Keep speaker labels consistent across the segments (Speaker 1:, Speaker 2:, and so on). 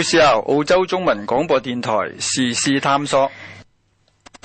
Speaker 1: 故事由澳洲中文廣播電台時事探索。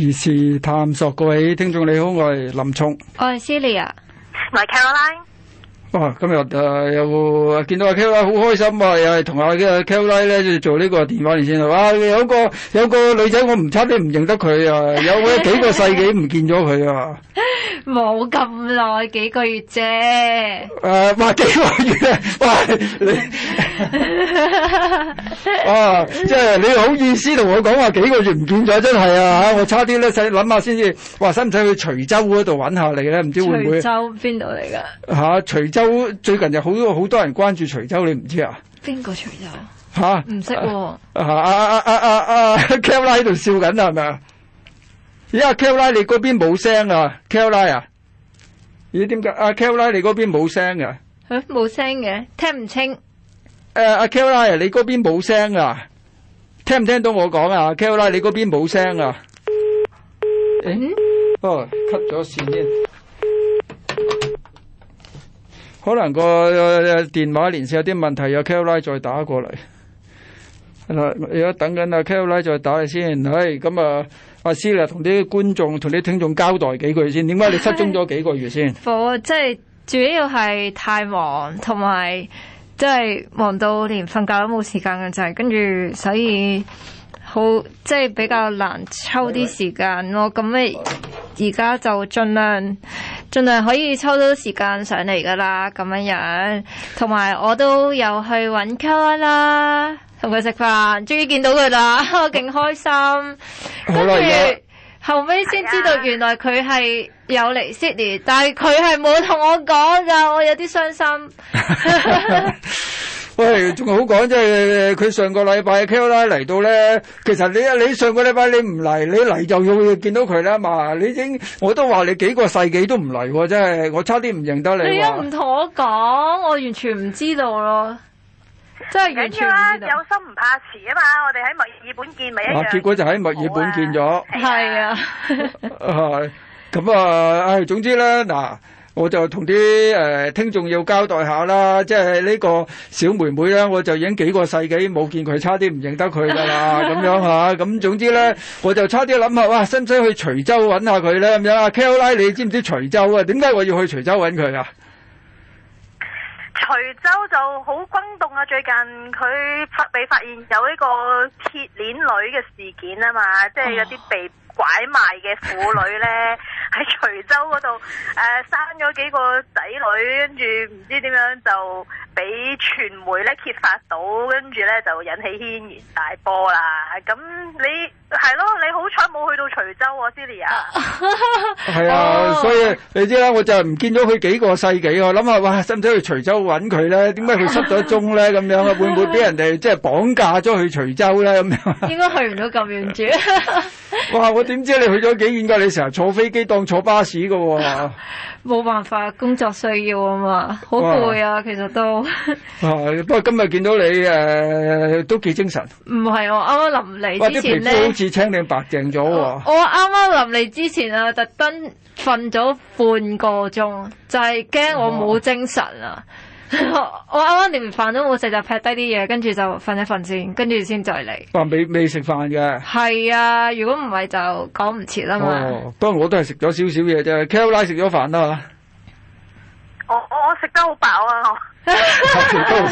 Speaker 1: 時事探索，各位聽眾你好，我係林聰，
Speaker 2: 我係 Celia，我係 Caroline。
Speaker 1: 哇！今日誒有見到阿 Kelly，好開心啊！又係同阿 Kelly 咧做呢個電話連線啊！哇！有個有個女仔，我唔差啲唔認得佢啊！有幾個世紀唔見咗佢啊！
Speaker 2: 冇咁耐，幾個月啫。
Speaker 1: 誒，哇！幾個月啊！哇！你，即係你好意思同我講話幾個月唔見咗，真係啊嚇！我差啲咧，使諗下先至，話使唔使去徐州嗰度揾下你咧？唔知會唔會？徐
Speaker 2: 州邊度嚟㗎？嚇！
Speaker 1: 徐州。最近又好好多人關注徐州，你唔知啊？邊個徐州？吓，唔識。啊啊啊啊啊啊！Kel 拉喺度笑緊啊，係咪啊？咦，阿 Kel 拉你嗰邊冇聲啊？Kel 拉啊？咦，點解？阿 Kel 拉你嗰邊冇聲啊？
Speaker 2: 冇聲嘅，聽唔清。
Speaker 1: 誒，阿 Kel 拉啊，你嗰邊冇聲啊？聽唔聽到我講啊？Kel 拉你嗰邊冇聲啊？誒、啊嗯哎，哦，cut 咗線先。可能個電話連線有啲問題，有 k o l 再打過嚟。係啦，而家等緊阿 k e l 再打你先。係、哎、咁啊，阿 Sir 啊，同啲觀眾、同啲聽眾交代幾句先。點解你失蹤咗幾個月先？
Speaker 2: 我即係主要係太忙，同埋即係忙到連瞓覺都冇時間嘅，就係跟住所以好即係、就是、比較難抽啲時間咯。咁你，而家就盡量。盡量可以抽到時間上嚟噶啦，咁樣樣，同埋我都有去揾 c 啦，同佢食飯，終於見到佢啦，我勁開心。 跟住著後尾先知道原來佢係有嚟 Sydney，啊、但係佢係冇同我講噶，我有啲傷心。
Speaker 1: 喂，仲好講即係佢上個禮拜 call 嚟到咧，其實你你上個禮拜你唔嚟，你嚟就要見到佢啦嘛。你已經我都話你幾個世紀都唔嚟，真係我差啲唔認得你。你一唔
Speaker 3: 同我
Speaker 2: 講，我完全唔知道咯。真係。梗係啦，有心唔怕遲啊嘛。我哋喺
Speaker 3: 墨爾本見咪一樣、啊、結果就喺墨爾本見咗。係是的 啊，
Speaker 1: 係咁啊，唉、啊，總之咧，嗱。我就同啲誒聽眾要交代下啦，即係呢個小妹妹咧，我就已經幾個世紀冇見佢，差啲唔認得佢㗎喇，咁樣吓。咁、啊、總之咧，我就差啲諗下，哇，使唔使去徐州揾下佢咧咁樣 k o 拉，你知唔知徐州啊？點解我要去徐州揾佢啊？
Speaker 3: 徐州就好轟動啊！最近佢發俾發現有呢個鐵鏈女嘅事件啊嘛，即係有啲被。哦拐賣嘅婦女咧，喺徐州嗰度誒生咗幾個仔女，跟住唔知點樣就俾傳媒咧揭發到，跟住咧就引起軒然大波啦。咁你係咯，你好彩冇去到徐州，Silly 啊！
Speaker 1: 係啊，所以你知啦，我就係唔見咗佢幾個世紀，我諗下，哇，使唔使去徐州揾佢咧？點解佢失咗蹤咧？咁樣會唔會俾人哋即係綁架咗去徐州咧？咁
Speaker 2: 樣應該去唔到咁遠住。
Speaker 1: 哇！我～點、啊、知你去咗幾遠噶？你成日坐飛機當坐巴士噶喎、
Speaker 2: 啊！冇辦法，工作需要啊嘛，好攰啊，哇其實都。
Speaker 1: 啊、不過今日見到你誒、呃，都幾精神。
Speaker 2: 唔係、啊、我啱啱臨嚟之前咧，好似
Speaker 1: 青靚白淨咗你、啊。
Speaker 2: 我啱啱臨嚟之前啊，特登瞓咗半個鐘，就係、是、驚我冇精神啊。啊我啱啱連飯都冇食就撇低啲嘢，跟住就瞓一瞓先，跟住先再嚟。
Speaker 1: 話未未食飯嘅。
Speaker 2: 係啊，如果唔係就講唔切啦嘛。
Speaker 1: 不過、哦、我都係食咗少少嘢啫，Kel 拉食咗飯啦，
Speaker 3: 我我食得好飽啊！ 我撐、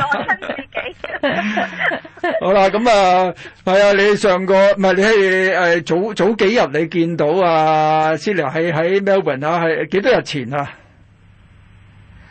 Speaker 3: 啊、
Speaker 1: 自己。 好啦，咁啊，係啊，你上個唔係你，係誒早，早幾日你見到啊，Sila 喺喺 Melbourne 啊，係幾多日前啊？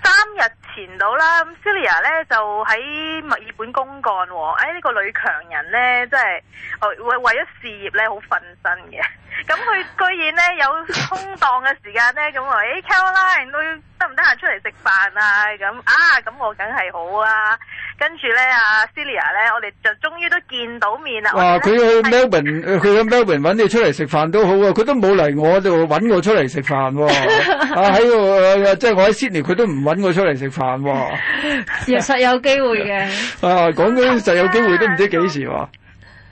Speaker 1: 三
Speaker 3: 日。前度啦，咁 Silia 咧，就喺墨爾本公幹喎、哦。誒、哎、呢、這個女強人咧，真係為為為咗事業咧好奮身嘅。咁佢、嗯、居然咧有空檔嘅時間咧，咁、嗯、話，誒、欸、Caroline，你得唔得閒出嚟食飯啊？咁、嗯、啊，咁、嗯、我梗係好啊！跟住咧，啊，Silia 咧，我哋就終於都見到面啦。哇、啊！佢
Speaker 1: 去 Melbourne，佢是去 Melbourne 搵你出嚟食飯好都好啊！佢、 啊呃就是、都冇嚟我度搵我出嚟食飯喎。啊，喺度即係我喺 Sydney，佢都唔搵我出嚟食飯喎。
Speaker 3: 亦實有機會
Speaker 1: 嘅、啊。啊，講緊實有機會都唔知幾時喎。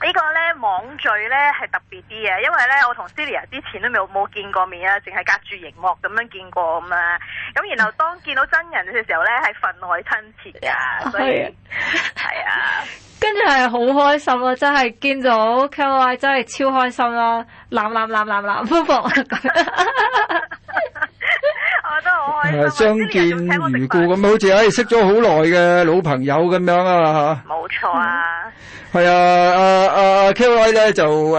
Speaker 3: 這個呢個咧網聚咧係特別啲嘅，因為咧我同 Silia 之前都冇冇見過面啊，淨係隔住熒幕咁樣見過咁啊。咁然後當見到真人嘅時候咧，係分外親切㗎，所以係啊。
Speaker 2: 跟住係好開心啊！真係見到 KY 真係超開心啦！攬攬攬攬攬，舒服
Speaker 1: 誒、啊，相見如故咁，好似誒識咗好耐嘅老朋友咁樣啊吓，冇錯啊，係啊，阿、啊、阿、啊、K Y 咧就誒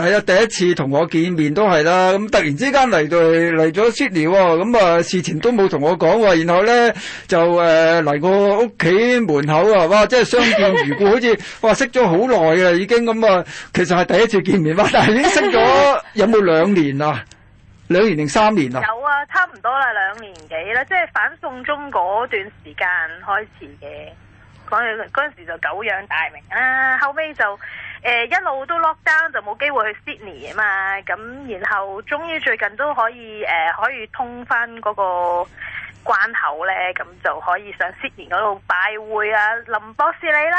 Speaker 1: 係啊，第一次同我見面都係啦，咁突然之間嚟到嚟咗悉尼啊，咁啊事前都冇同我講喎，然後咧就誒嚟過屋企門口啊，哇，即係相見如故， 好似哇識咗好耐啊。已經咁啊，其實係第一次見面哇，但係已經識咗有冇兩年啊？兩年定三年啊！有
Speaker 3: 啊，差唔多啦，兩年幾啦，即係反送中嗰段時間開始嘅。嗰陣嗰時就狗養大名啦、啊，後尾就誒、呃、一路都落單，就冇機會去 s y d 悉尼啊嘛。咁、啊、然後終於最近都可以誒、呃、可以通翻嗰個關口咧，咁、嗯、就可以上 s y d 悉尼嗰度拜會啊林博士你啦。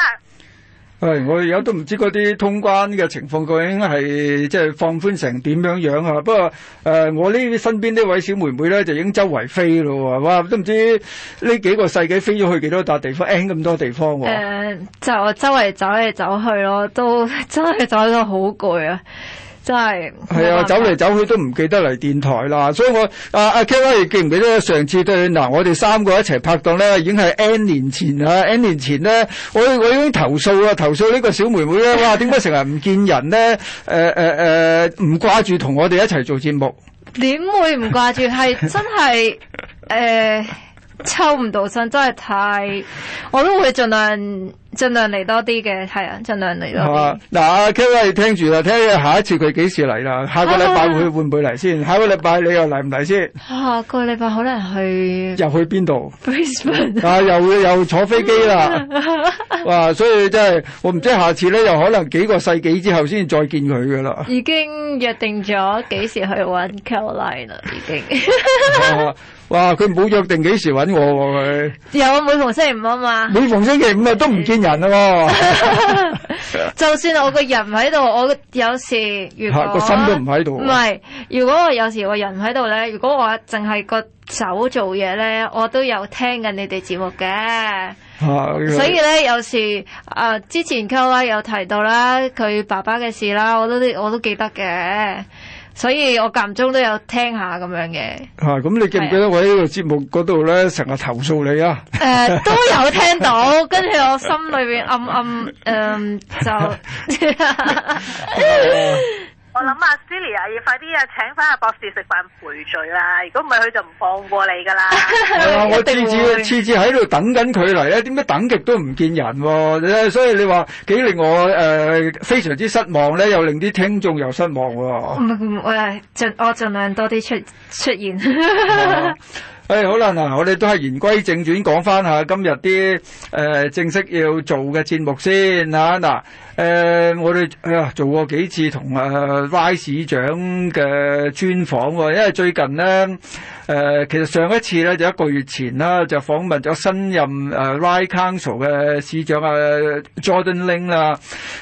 Speaker 1: 我而家都唔知嗰啲通關嘅情況究竟係即係放寬成點樣樣啊！不過誒、呃，我呢啲身邊呢位小妹妹咧就已經周圍飛咯，哇！都唔知呢幾個世紀飛咗去幾多笪地方 n 咁、啊、多地方喎、呃。
Speaker 2: 就我周圍走嚟走去咯，都真係走到好攰啊！真係，係啊，走
Speaker 1: 嚟走去都唔記得嚟電台啦，所以我阿阿、啊、Kelly 記唔記得上次對嗱，我哋三個一齊拍檔咧，已經係 n 年前啊，n 年前咧，我我已經投訴啊，投訴呢個小妹妹咧，哇，點解成日唔見人咧？誒誒誒，唔、呃呃、掛住同我哋一齊做節目？
Speaker 2: 點會唔掛住？係真係誒。呃抽唔到身真係太，我都會盡量盡 量嚟多啲嘅，係啊，盡量嚟多啲。
Speaker 1: 嗱、啊啊、Caroline 聽住啦，聽住，下一次佢幾時嚟啦？下個禮拜會會唔會嚟先？啊、下個禮拜你又嚟唔嚟先？
Speaker 2: 下、啊啊、個禮拜可能去
Speaker 1: 又去邊度？Brisbane 啊，又又坐飛機啦，哇、嗯 啊！所以真、就、係、是、我唔知下次咧，又可能幾個世紀之後先再見佢噶啦。
Speaker 2: 已經約定咗幾時去搵 Caroline 啦，已經。
Speaker 1: 好、 啊啊哇！佢唔好約定幾時揾我喎
Speaker 2: 佢。有啊，每逢星期五啊嘛。每
Speaker 1: 逢星期五啊，五都唔見人喎、啊， 就
Speaker 2: 算我個人唔喺度，我有時個心都唔喺度。唔係、啊，如果我有時我人喺度咧，如果我淨係個手做嘢咧，我都有聽緊你哋節目嘅。啊、所以咧，有時啊、呃，之前 Q 啊有提到啦，佢爸爸嘅事啦，我都我都記得嘅。所以我間唔中都有聽下咁樣嘅，
Speaker 1: 啊。嚇，咁你記唔記得我喺個節目嗰度咧成日投訴你啊？誒、呃，都有聽到，跟住 我心
Speaker 2: 裏面暗暗誒、呃、就。
Speaker 3: 我諗阿 Silly 啊要快啲啊，請翻阿博士食飯賠罪啦！如果唔係佢就唔放過你噶啦。我次次次次
Speaker 1: 喺度等緊佢嚟咧，點解等極都唔見人、啊、所以你話幾令我誒、呃、非常之失望咧，又令啲聽眾又失望、啊我。
Speaker 2: 唔唔，誒盡我盡量多啲出出現。
Speaker 1: 誒好啦，嗱，我哋都係言歸正傳，講翻下今日啲誒正式要做嘅節目先嚇。嗱，誒我哋啊做過幾次同誒 Ryde 市長嘅專訪喎，因為最近呢。誒其實上一次咧就一個月前啦，就訪問咗新任誒 Ryde Council 嘅市長啊 Jordan Ling 啦。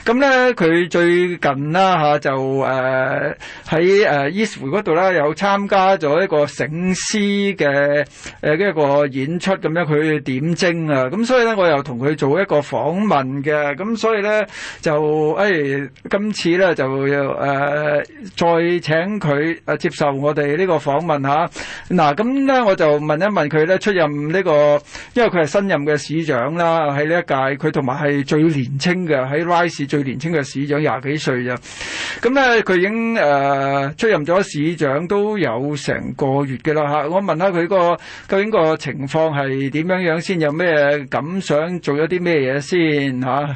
Speaker 1: 咁咧佢最近啦嚇就誒喺誒 Eastwood 嗰度啦，有參加咗一個醒獅嘅誒呢一個演出咁樣，佢點睛啊。咁所以咧我又同佢做一個訪問嘅。咁所以咧就誒今次咧就要誒再請佢誒接受我哋呢個訪問嚇。嗱，咁咧我就問一問佢咧，出任呢、這個，因為佢係新任嘅市長啦，喺呢一屆佢同埋係最年輕嘅，喺 Ryde 最年輕嘅市長，廿幾歲咋？咁咧佢已經誒出任咗市長都有成個月嘅啦嚇。我問下佢個究竟個情況係點樣先樣先，有咩感想，做咗啲咩嘢先嚇？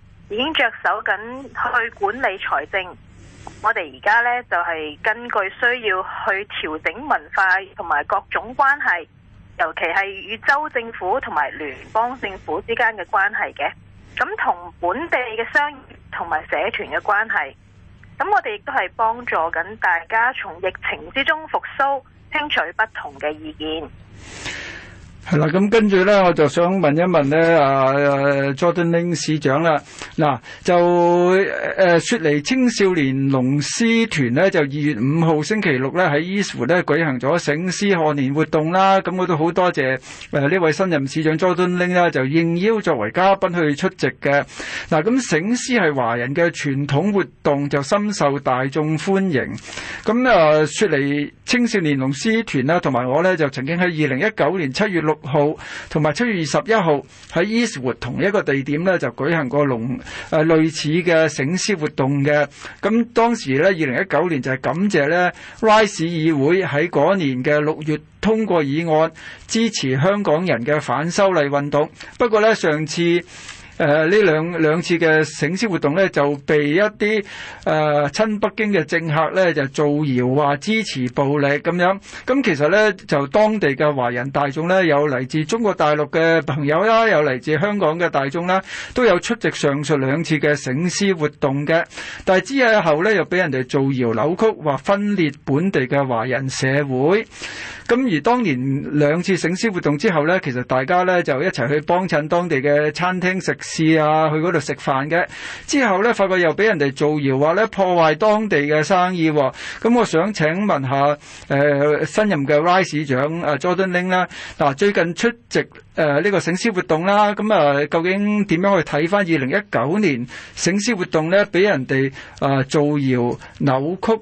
Speaker 3: 已經着手緊去管理財政，我哋而家呢，就係根據需要去調整文化同埋各種關係，尤其係與州政府同埋聯邦政府之間嘅關係嘅。咁同本地嘅商業同埋社團嘅關係，咁我哋亦都係幫助緊大家從疫情之中復甦，聽取不同嘅意見。
Speaker 1: 係啦，咁跟住呢，我就想問一問呢、啊，Jordan Ling 市長啦，嗱、啊、就誒、啊、雪梨青少年農師團呢，就二月五號星期六呢，喺 e a s t h o r 咧舉行咗醒獅賀年活動啦。咁我都好多謝呢、啊、位新任市長 Jordan Ling 啦，就應邀作為嘉賓去出席嘅。嗱、啊，咁醒獅係華人嘅傳統活動，就深受大眾歡迎。咁啊，雪梨青少年農師團啦，同埋我呢，就曾經喺二零一九年七月六。六號同埋七月二十一號喺 Eastwood 同一個地點呢，就舉行過龍誒類似嘅醒獅活動嘅，咁當時呢，二零一九年就係感謝呢 Ryde 議會喺嗰年嘅六月通過議案支持香港人嘅反修例運動，不過呢，上次。誒呢兩兩次嘅醒獅活動呢就被一啲誒親北京嘅政客呢就造謠話支持暴力咁樣。咁其實呢，就當地嘅華人大眾呢有嚟自中國大陸嘅朋友啦、啊，有嚟自香港嘅大眾啦，都有出席上述兩次嘅醒獅活動嘅。但係之後呢又俾人哋造謠扭曲，話分裂本地嘅華人社會。咁而當年兩次醒獅活動之後咧，其實大家咧就一齊去幫襯當地嘅餐廳食肆啊，去嗰度食飯嘅。之後咧，發覺又俾人哋造謠話咧破壞當地嘅生意、啊。咁、嗯、我想請問下，誒、呃、新任嘅 Ryde 市長啊，Jordan Ling 啦、啊，嗱最近出席誒呢、呃這個醒獅活動啦，咁啊究竟點樣去睇返二零一九年醒獅活動咧，俾人哋造謠扭曲？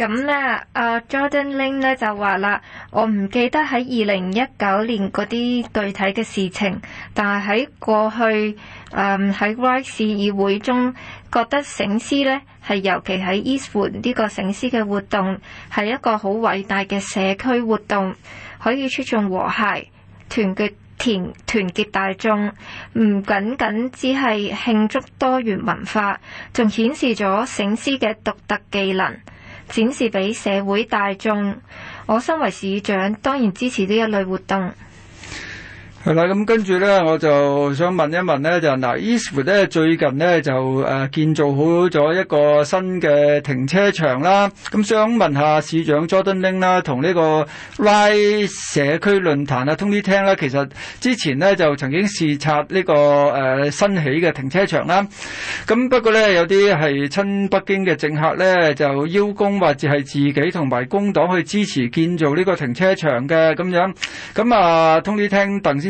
Speaker 2: 咁咧，阿、uh, Jordan Ling 咧就話啦：，我唔記得喺二零一九年嗰啲具體嘅事情，但係喺過去，誒喺 Ryde 市議會中，覺得醒獅咧係尤其喺 Eastwood 呢個醒獅嘅活動係一個好偉大嘅社區活動，可以促進和諧團結，團團，團結大眾，唔僅僅只係慶祝多元文化，仲顯示咗醒獅嘅獨特技能。展示俾社會大眾，我身為市長，當然支持呢一類活動。
Speaker 1: 係啦，咁跟住咧，我就想問一問咧，就嗱，Eastwood 咧最近咧就誒建造好咗一個新嘅停車場啦。咁想問下市長 Jordan Ling 啦，同呢個 r i e 社區論壇啊，通啲廳啦。其實之前咧就曾經視察呢、這個誒、呃、新起嘅停車場啦。咁不過咧有啲係親北京嘅政客咧就邀功或者係自己同埋工黨去支持建造呢個停車場嘅咁樣。咁啊，通啲廳鄧先。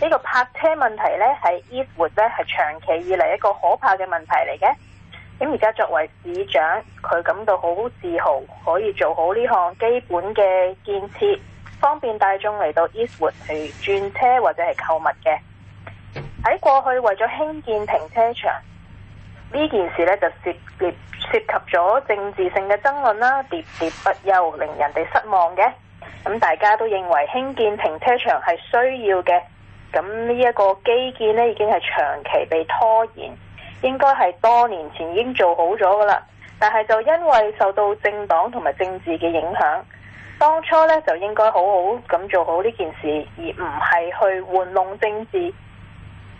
Speaker 3: 呢個泊車問題呢，喺 Eastwood 呢，係長期以嚟一個可怕嘅問題嚟嘅。咁而家作為市長，佢感到好自豪，可以做好呢項基本嘅建設，方便大眾嚟到 Eastwood 去轉車或者係購物嘅。喺過去為咗興建停車場，呢件事呢，就涉涉涉及咗政治性嘅爭論啦，喋喋不休，令人哋失望嘅。咁、嗯、大家都認為興建停車場係需要嘅。咁呢一個基建呢，已經係長期被拖延，應該係多年前已經做好咗噶啦。但係就因為受到政黨同埋政治嘅影響，當初呢，就應該好好咁做好呢件事，而唔係去玩弄政治。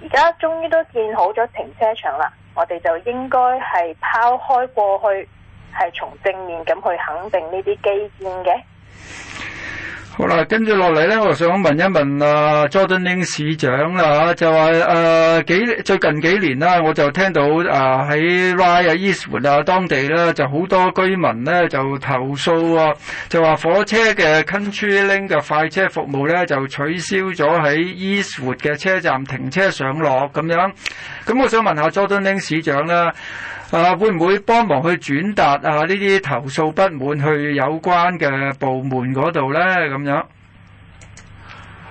Speaker 3: 而家終於都建好咗停車場啦，我哋就應該係拋開過去，係從正面咁去肯定呢啲基建嘅。
Speaker 1: 好啦，跟住落嚟咧，我想問一問啊，Jordan Lane 市長啦就話誒最近幾年啦，我就聽到啊喺 Ryde 啊 Eastwood 啊當地咧就好多居民咧就投訴啊，就話火車嘅 CountryLink 嘅快車服務咧就取消咗喺 Eastwood 嘅車站停車上落咁樣。咁我想問下 Jordan Lane 市長啦。啊、會唔會幫忙去轉達啊？呢啲投訴不滿去有關嘅部門嗰度呢？咁樣。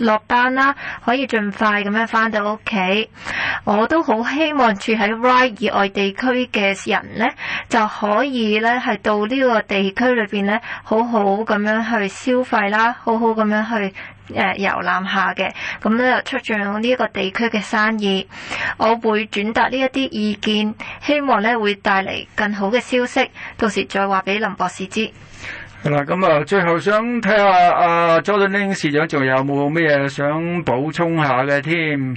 Speaker 2: 落班啦，可以盡快咁樣翻到屋企。我都好希望住喺 Ryde 以外地區嘅人呢，就可以呢係到呢個地區裏面呢，好好咁樣去消費啦，好好咁樣去誒、呃、遊覽下嘅。咁呢又促進呢一個地區嘅生意。我會轉達呢一啲意見，希望呢會帶嚟更好嘅消息。到時再話俾林博士知。
Speaker 1: 嗱，咁啊、嗯，最後想睇下啊，Jordan Ling 市長仲有冇咩嘢想補充一下嘅添？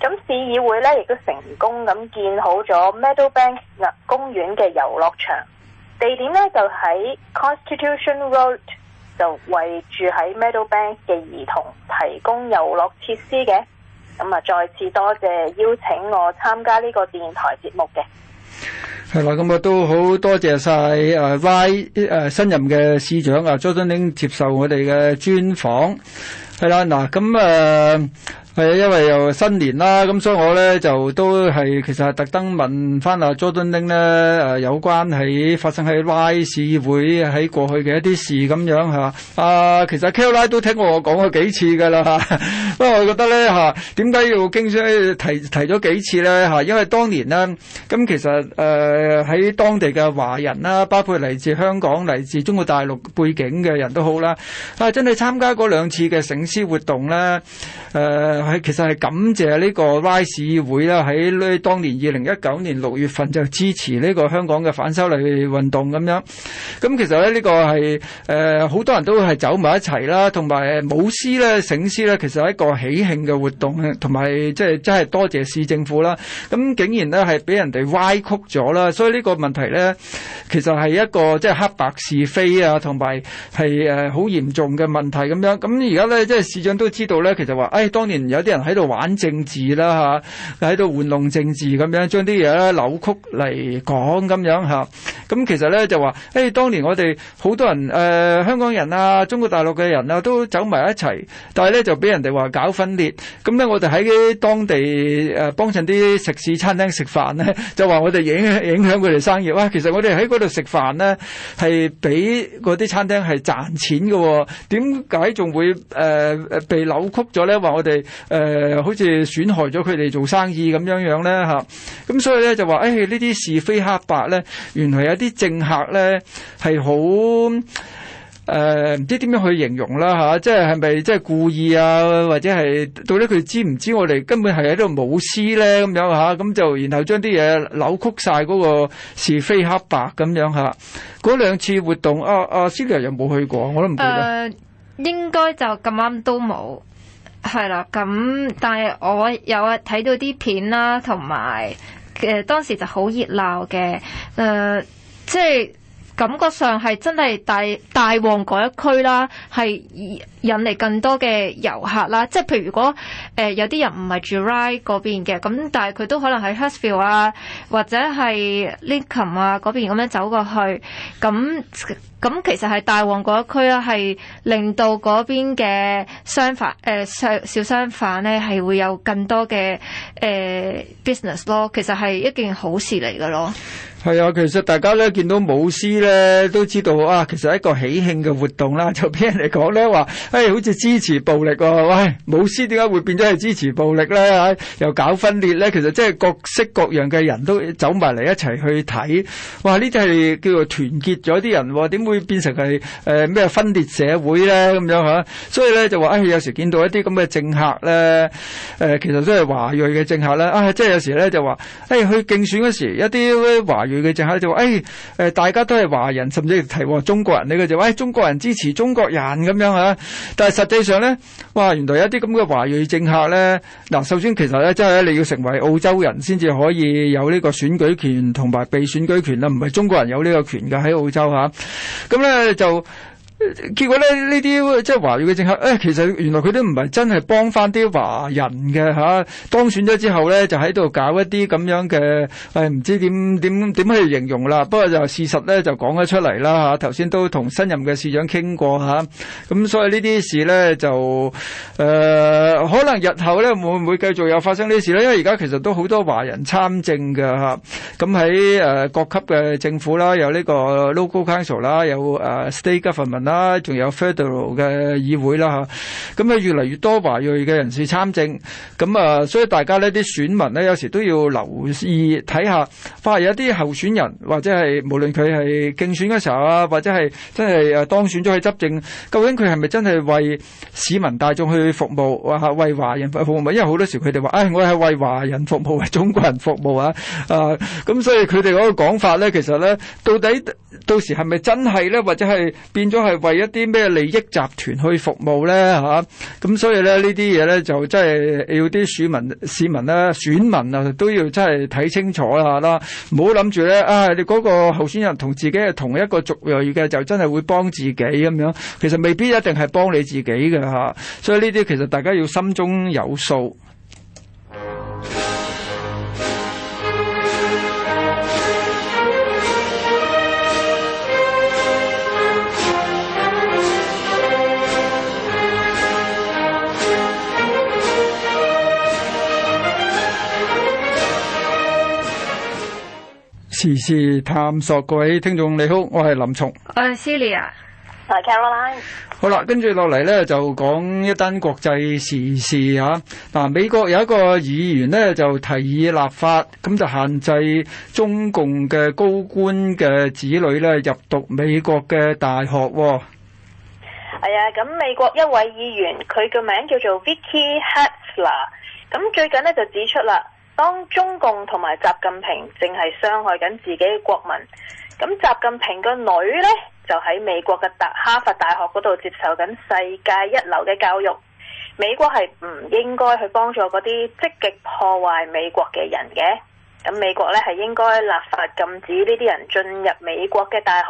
Speaker 3: 咁市議會咧，亦都成功咁建好咗 Medal Bank 公園嘅遊樂場，地點咧就喺 Constitution Road，就為住喺 Medal Bank 嘅兒童提供遊樂設施嘅。咁啊，再次多謝邀請我參加呢個電台節目嘅。
Speaker 1: 係啦，咁啊都好多謝晒誒 Y 誒、啊、新任嘅市長啊周 o h 接受我哋嘅專訪。係啦，嗱咁啊。係啊，因為又新年啦，咁所以我咧就都係其實係特登問返啊，Jordan Ling 咧誒有關喺發生喺 Ryde 市會喺過去嘅一啲事咁樣嚇。啊，其實 Kelvin 都聽過我講過幾次㗎啦，不過我覺得咧嚇，點解要經常提提咗幾次咧嚇？因為當年咧，咁其實誒喺當地嘅華人啦，包括嚟自香港、嚟自中國大陸背景嘅人都好啦，啊，真係參加過兩次嘅醒獅活動咧誒。係，其實係感謝呢個 Ryde 市會啦，喺呢當年二零一九年六月份就支持呢個香港嘅反修例運動咁樣。咁其實咧，呢個係誒好多人都係走埋一齊啦，同埋舞獅咧、醒獅咧，其實係一個喜慶嘅活動同埋即係真係多謝市政府啦。咁竟然呢係俾人哋歪曲咗啦，所以呢個問題呢，其實係一個即係、就是、黑白是非啊，同埋係誒好嚴重嘅問題咁樣。咁而家呢，即、就、係、是、市長都知道呢，其實話誒、哎，當年。有啲人喺度玩政治啦吓，喺度玩弄政治咁樣將啲嘢咧扭曲嚟講，咁樣吓，咁其實咧就話誒當年我哋好多人誒香港人啊、中國大陸嘅人啊都走埋一齊，但係咧就俾人哋話搞分裂。咁咧我哋喺當地誒幫襯啲食肆餐廳食飯咧，就話我哋影影響佢哋生意啊。其實我哋喺嗰度食飯咧係俾嗰啲餐廳係賺錢嘅，點解仲會誒被扭曲咗咧？話我哋。誒、呃，好似損害咗佢哋做生意咁樣樣咧，咁所以咧就話，誒呢啲是非黑白咧，原來有啲政客咧係好誒，唔、呃、知點樣去形容啦、啊、即係係咪即係故意啊，或者係到底佢知唔知我哋根本係喺度舞獅咧咁樣嚇，咁、啊、就然後將啲嘢扭曲晒嗰個是非黑白咁樣嗰、啊、兩次活動，阿阿思傑又冇去過？我都唔記得。
Speaker 2: 誒，應該就咁啱都冇。係啦，咁但係我有啊睇到啲片啦，同埋誒當時就好熱鬧嘅，誒、呃，即係。感覺上係真係大大旺嗰一區啦，係引嚟更多嘅遊客啦。即係譬如如果、呃、有啲人唔係住 Ryde 嗰邊嘅，咁但係佢都可能喺 Hurstville 啊，或者係 Laken 啊嗰邊咁樣走過去。咁咁其實係大旺嗰一區啦，啊，係令到嗰邊嘅商販商、呃、小商販咧係會有更多嘅、呃、business 咯。其實係一件好事嚟嘅咯。
Speaker 1: 係啊，其實大家咧見到舞獅咧，都知道啊，其實係一個喜慶嘅活動啦。就俾人嚟講咧，話誒、哎、好似支持暴力喎、啊，哇！舞獅點解會變咗係支持暴力咧、啊？又搞分裂咧？其實即係各式各樣嘅人都走埋嚟一齊去睇，哇！呢啲係叫做團結咗啲人，點會變成係誒咩分裂社會咧？咁樣吓，所以咧就話誒、哎，有時見到一啲咁嘅政客咧，誒、呃，其實都係華裔嘅政客咧，啊，即係有時咧就話誒、哎、去競選嗰時，一啲華佢嘅政客就話：誒，誒，大家都係華人，甚至提中國人，呢個就話，誒，中國人支持中國人咁樣嚇。但係實際上咧，哇，原來有一啲咁嘅華裔政客咧，嗱，首先其實咧，即係你要成為澳洲人先至可以有呢個選舉權同埋被選舉權啦，唔係中國人有呢個權噶喺澳洲嚇。咁咧就。結果咧，呢啲即係華裔嘅政客、哎，其實原來佢都唔係真係幫翻啲華人嘅嚇、啊。當選咗之後咧，就喺度搞一啲咁樣嘅，唔、哎、知點點點去形容啦。不過就事實咧，就講咗出嚟啦嚇。頭、啊、先都同新任嘅市長傾過咁、啊、所以呢啲事咧就誒、呃，可能日後咧會唔會繼續有發生呢啲事咧？因為而家其實都好多華人參政嘅嚇，咁、啊、喺、呃、各級嘅政府啦，有呢個 local council 啦，有 state government 啊，仲有 Federal 嘅議會啦吓，咁啊越嚟越多華裔嘅人士參政，咁啊所以大家咧啲選民咧有時都要留意睇下，發現有啲候選人或者係無論佢係競選嘅時候啊，或者係真係當選咗去執政，究竟佢係咪真係為市民大眾去服務啊？為華人服務，因為好多時佢哋話，誒、哎、我係為華人服務，為中國人服務啊！啊，咁所以佢哋嗰個講法咧，其實咧到底到時係咪真係咧，或者係變咗係？為一啲咩利益集團去服務咧吓，咁所以咧呢啲嘢咧就真係要啲市民、市民啦、選民啊都要真係睇清楚下啦，唔好諗住咧啊，你嗰個候選人同自己係同一個族裔嘅，就真係會幫自己咁樣。其實未必一定係幫你自己嘅吓，所以呢啲其實大家要心中有數。時事探索，各位聽眾你好，我係林松，
Speaker 2: 我係 Celia，我係 Caroline。
Speaker 1: 好啦，跟住落嚟咧就講一單國際時事吓、啊。嗱、啊，美國有一個議員咧就提議立法，咁就限制中共嘅高官嘅子女咧入讀美國嘅大學。係啊，
Speaker 3: 咁美國一位議員，佢嘅名叫做 Vicky Hartzler，咁最近咧就指出啦。當中共同埋習近平淨係傷害緊自己嘅國民，咁習近平個女呢，就喺美國嘅哈佛大學嗰度接受緊世界一流嘅教育。美國係唔應該去幫助嗰啲積極破壞美國嘅人嘅，咁美國呢，係應該立法禁止呢啲人進入美國嘅大學。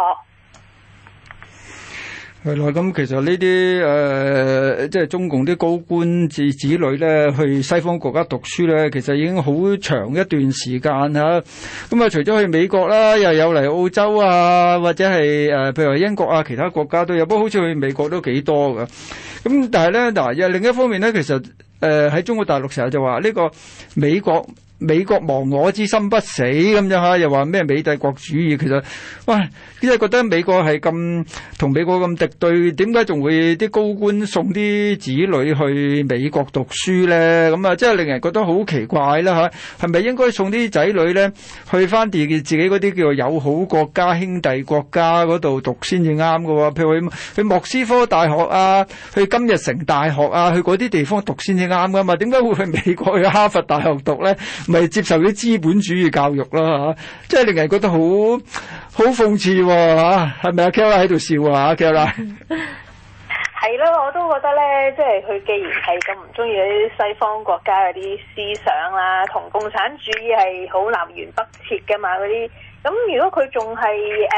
Speaker 1: 係啦，咁其實呢啲誒，即、呃、係、就是、中共啲高官至子女咧，去西方國家讀書咧，其實已經好長一段時間嚇。咁啊，除咗去美國啦，又有嚟澳洲啊，或者係誒、呃，譬如英國啊，其他國家都有。不過好似去美國都幾多㗎。咁但係咧，嗱、呃，又另一方面咧，其實誒喺、呃、中國大陸成日就話呢個美國。美國亡我之心不死，咁樣吓，又話咩美帝國主義其實，喂，即係覺得美國係咁，同美國咁敵對，點解仲會啲高官送啲子女去美國讀書咧？咁啊，即係令人覺得好奇怪啦吓，係咪應該送啲仔女咧去返自己嗰啲叫做友好國家、兄弟國家嗰度讀先至啱㗎喎？譬如去去莫斯科大學啊，去金日成大學啊，去嗰啲地方讀先至啱噶嘛？點解會去美國去哈佛大學讀咧？咪接受啲資本主義教育咯，即係令人覺得好好諷刺喎，係咪阿 Kel 啊喺度笑啊阿 Kel 啊？
Speaker 3: 係咯，我都覺得呢，即係佢既然係咁唔中意啲西方國家嗰啲思想啦、啊，同共產主義係好南轅北轍嘅嘛嗰啲，咁如果佢仲係誒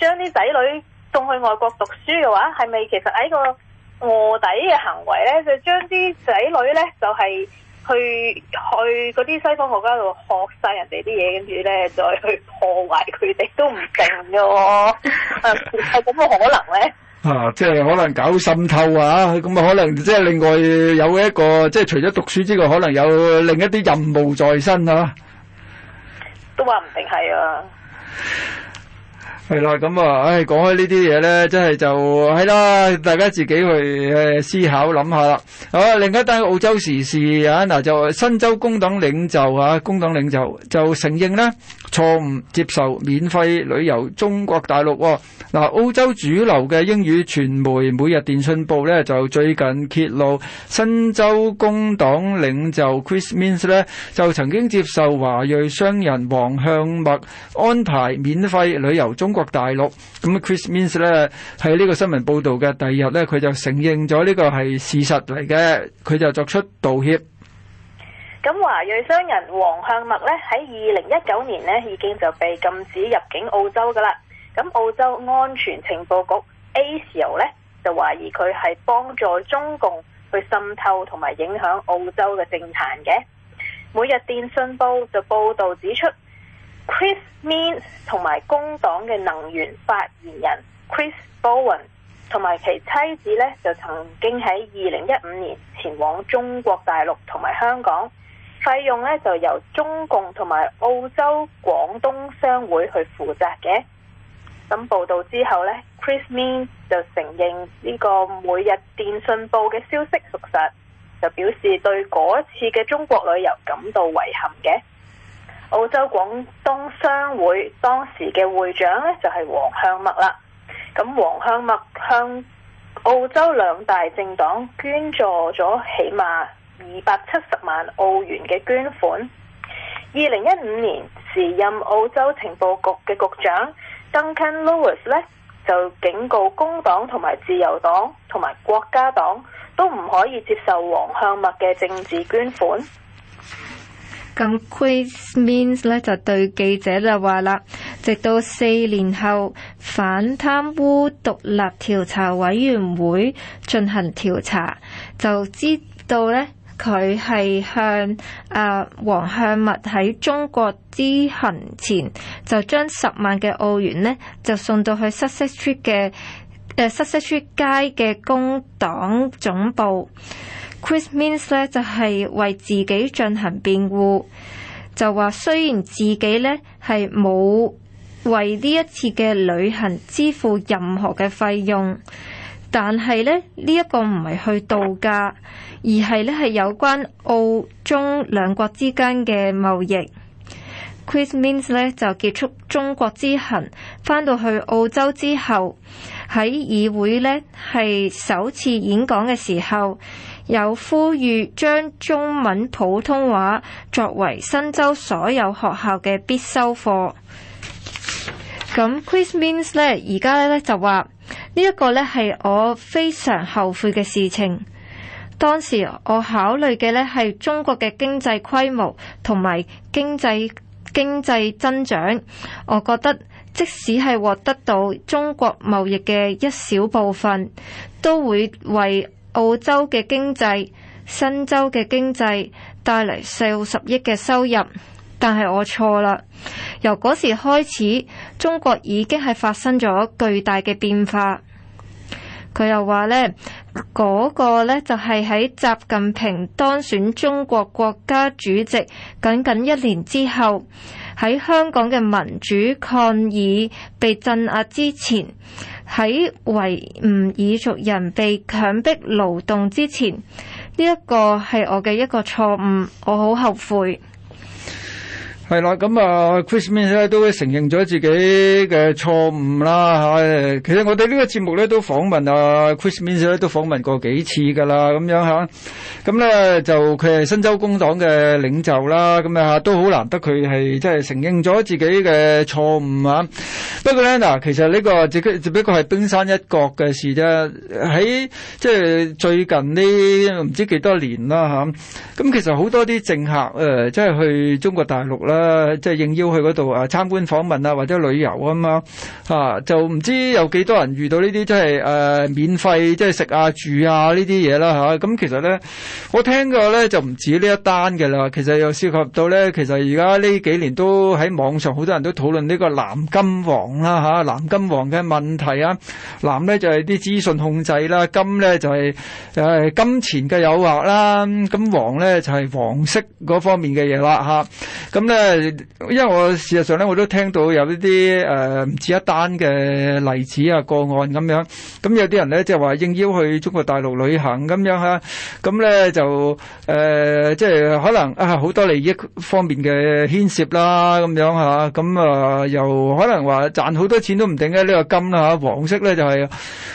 Speaker 3: 將啲仔女送去外國讀書嘅話，係咪其實喺個臥底嘅行為呢？就將啲仔女呢，就係、係。去去嗰啲西方國家度學晒人哋啲嘢，跟住咧再去破壞佢哋都唔定嘅，哦，係咁嘅可能咧。
Speaker 1: 啊，即係可能搞滲透啊，咁啊，可能即係另外有一個，即係除咗讀書之外，可能有另一啲任務在身啊。
Speaker 3: 都話唔定係啊。
Speaker 1: 係啦，咁啊，唉，講開呢啲嘢咧，真係就係啦，大家自己去誒思考，諗下啦。好、啊，另一單澳洲時事啊，嗱就新州工黨領袖啊，工黨領袖就承認咧錯誤，接受免費旅遊中國大陸、哦。嗱、啊，澳洲主流嘅英語傳媒《每日電訊報》呢咧就最近揭露，新州工黨領袖 Chris Minns 咧就曾經接受華裔商人黃向墨安排免費旅遊中。中國大陸咁，Chris Minns 咧喺呢個新聞報道嘅第二日呢，佢就承認咗呢個係事實嚟嘅，佢就作出道歉。
Speaker 3: 咁華裔商人黃向墨呢，喺二零一九年呢已經就被禁止入境澳洲噶啦，咁澳洲安全情報局 ASIO 咧就懷疑佢係幫助中共去滲透同埋影響澳洲嘅政壇嘅。每日電訊報就報道指出。Chris Minns 同埋工黨嘅能源發言人 Chris Bowen 同埋其妻子咧，就曾經喺二零一五年前往中國大陸同埋香港，費用咧就由中共同埋澳洲廣東商會去負責嘅。咁報道之後咧，Chris Minns 就承認呢個每日電訊報嘅消息屬實，就表示對嗰一次嘅中國旅遊感到遺憾嘅。澳洲廣東商會當時嘅會長呢，就係、是、黃向墨啦，咁黃向墨向澳洲兩大政黨捐助咗起碼二百七十萬澳元嘅捐款。二零一五年，時任澳洲情報局嘅局長 Duncan Lewis 咧就警告工黨同埋自由黨同埋國家黨都唔可以接受黃向墨嘅政治捐款。
Speaker 2: 咁 Chris Minns 咧就對記者就話啦，直到四年後反貪污獨立調查委員會進行調查，就知道咧佢係向啊黃向墨喺中國之行前，就將十萬嘅澳元咧就送到去 Sussex 嘅、呃、Sussex 街嘅工黨總部。Chris Minns 咧就係、是、為自己進行辯護，就話雖然自己咧係冇為呢一次嘅旅行支付任何嘅費用，但係咧呢一、這個唔係去度假，而係咧係有關澳中兩國之間嘅貿易。Chris Minns 咧就結束中國之行，翻到去澳洲之後喺議會咧係首次演講嘅時候。有呼籲將中文普通話作為新州所有學校嘅必修課。咁 Chris Minns 咧，而家咧就話呢一個咧係我非常後悔嘅事情。當時我考慮嘅咧係中國嘅經濟規模同埋經濟經濟增長，我覺得即使係獲得到中國貿易嘅一小部分，都會為澳洲嘅經濟、新州嘅經濟帶嚟四五十億嘅收入，但係我錯啦。由嗰時開始，中國已經係發生咗巨大嘅變化。佢又話呢嗰、嗰個咧就係、係、喺習近平當選中國國家主席僅僅一年之後。喺香港嘅民主抗議被鎮壓之前，喺維吾爾族人被強迫勞動之前，呢一個係我嘅一個錯誤，我好後悔。
Speaker 1: 係啦，咁啊，Chris Minns 咧，都承認咗自己嘅錯誤啦吓。其實我哋呢個節目咧都訪問啊，Chris Minns 都訪問過幾次噶啦，咁樣吓。咁、啊、咧、啊、就佢係新州工黨嘅領袖啦，咁啊，啊都好難得佢係即係承認咗自己嘅錯誤啊。不過咧嗱，其實呢、這個只只不過係冰山一角嘅事啫。喺即係最近呢唔知幾多年啦吓，咁、啊啊、其實好多啲政客誒、啊，即係去中國大陸啦。誒即係應邀去嗰度啊參觀訪問啊，或者旅遊啊嘛吓、啊、就唔知有幾多人遇到呢啲即係誒免費即係食啊住啊呢啲嘢啦吓，咁、啊啊、其實咧，我聽過咧就唔止呢一單嘅啦。其實又涉及到咧，其實而家呢幾年都喺網上好多人都討論呢個藍金黃啦、啊、吓、啊、藍金黃嘅問題啊，藍咧就係啲資訊控制啦、啊，金咧就係、是、誒、就是、金錢嘅誘惑啦、啊，咁、啊、黃咧就係黃色嗰方面嘅嘢啦吓，咁、啊、咧。啊啊嗯誒，因為我事實上咧，我都聽到有呢啲誒唔止一單嘅例子啊、個案咁樣。咁有啲人咧，即係話應邀去中國大陸旅行咁樣吓，咁咧就誒，即係可能啊，好多利益方面嘅牽涉啦，咁樣吓，咁啊，又可能話賺好多錢都唔定嘅呢個金啦吓，黃色咧就係，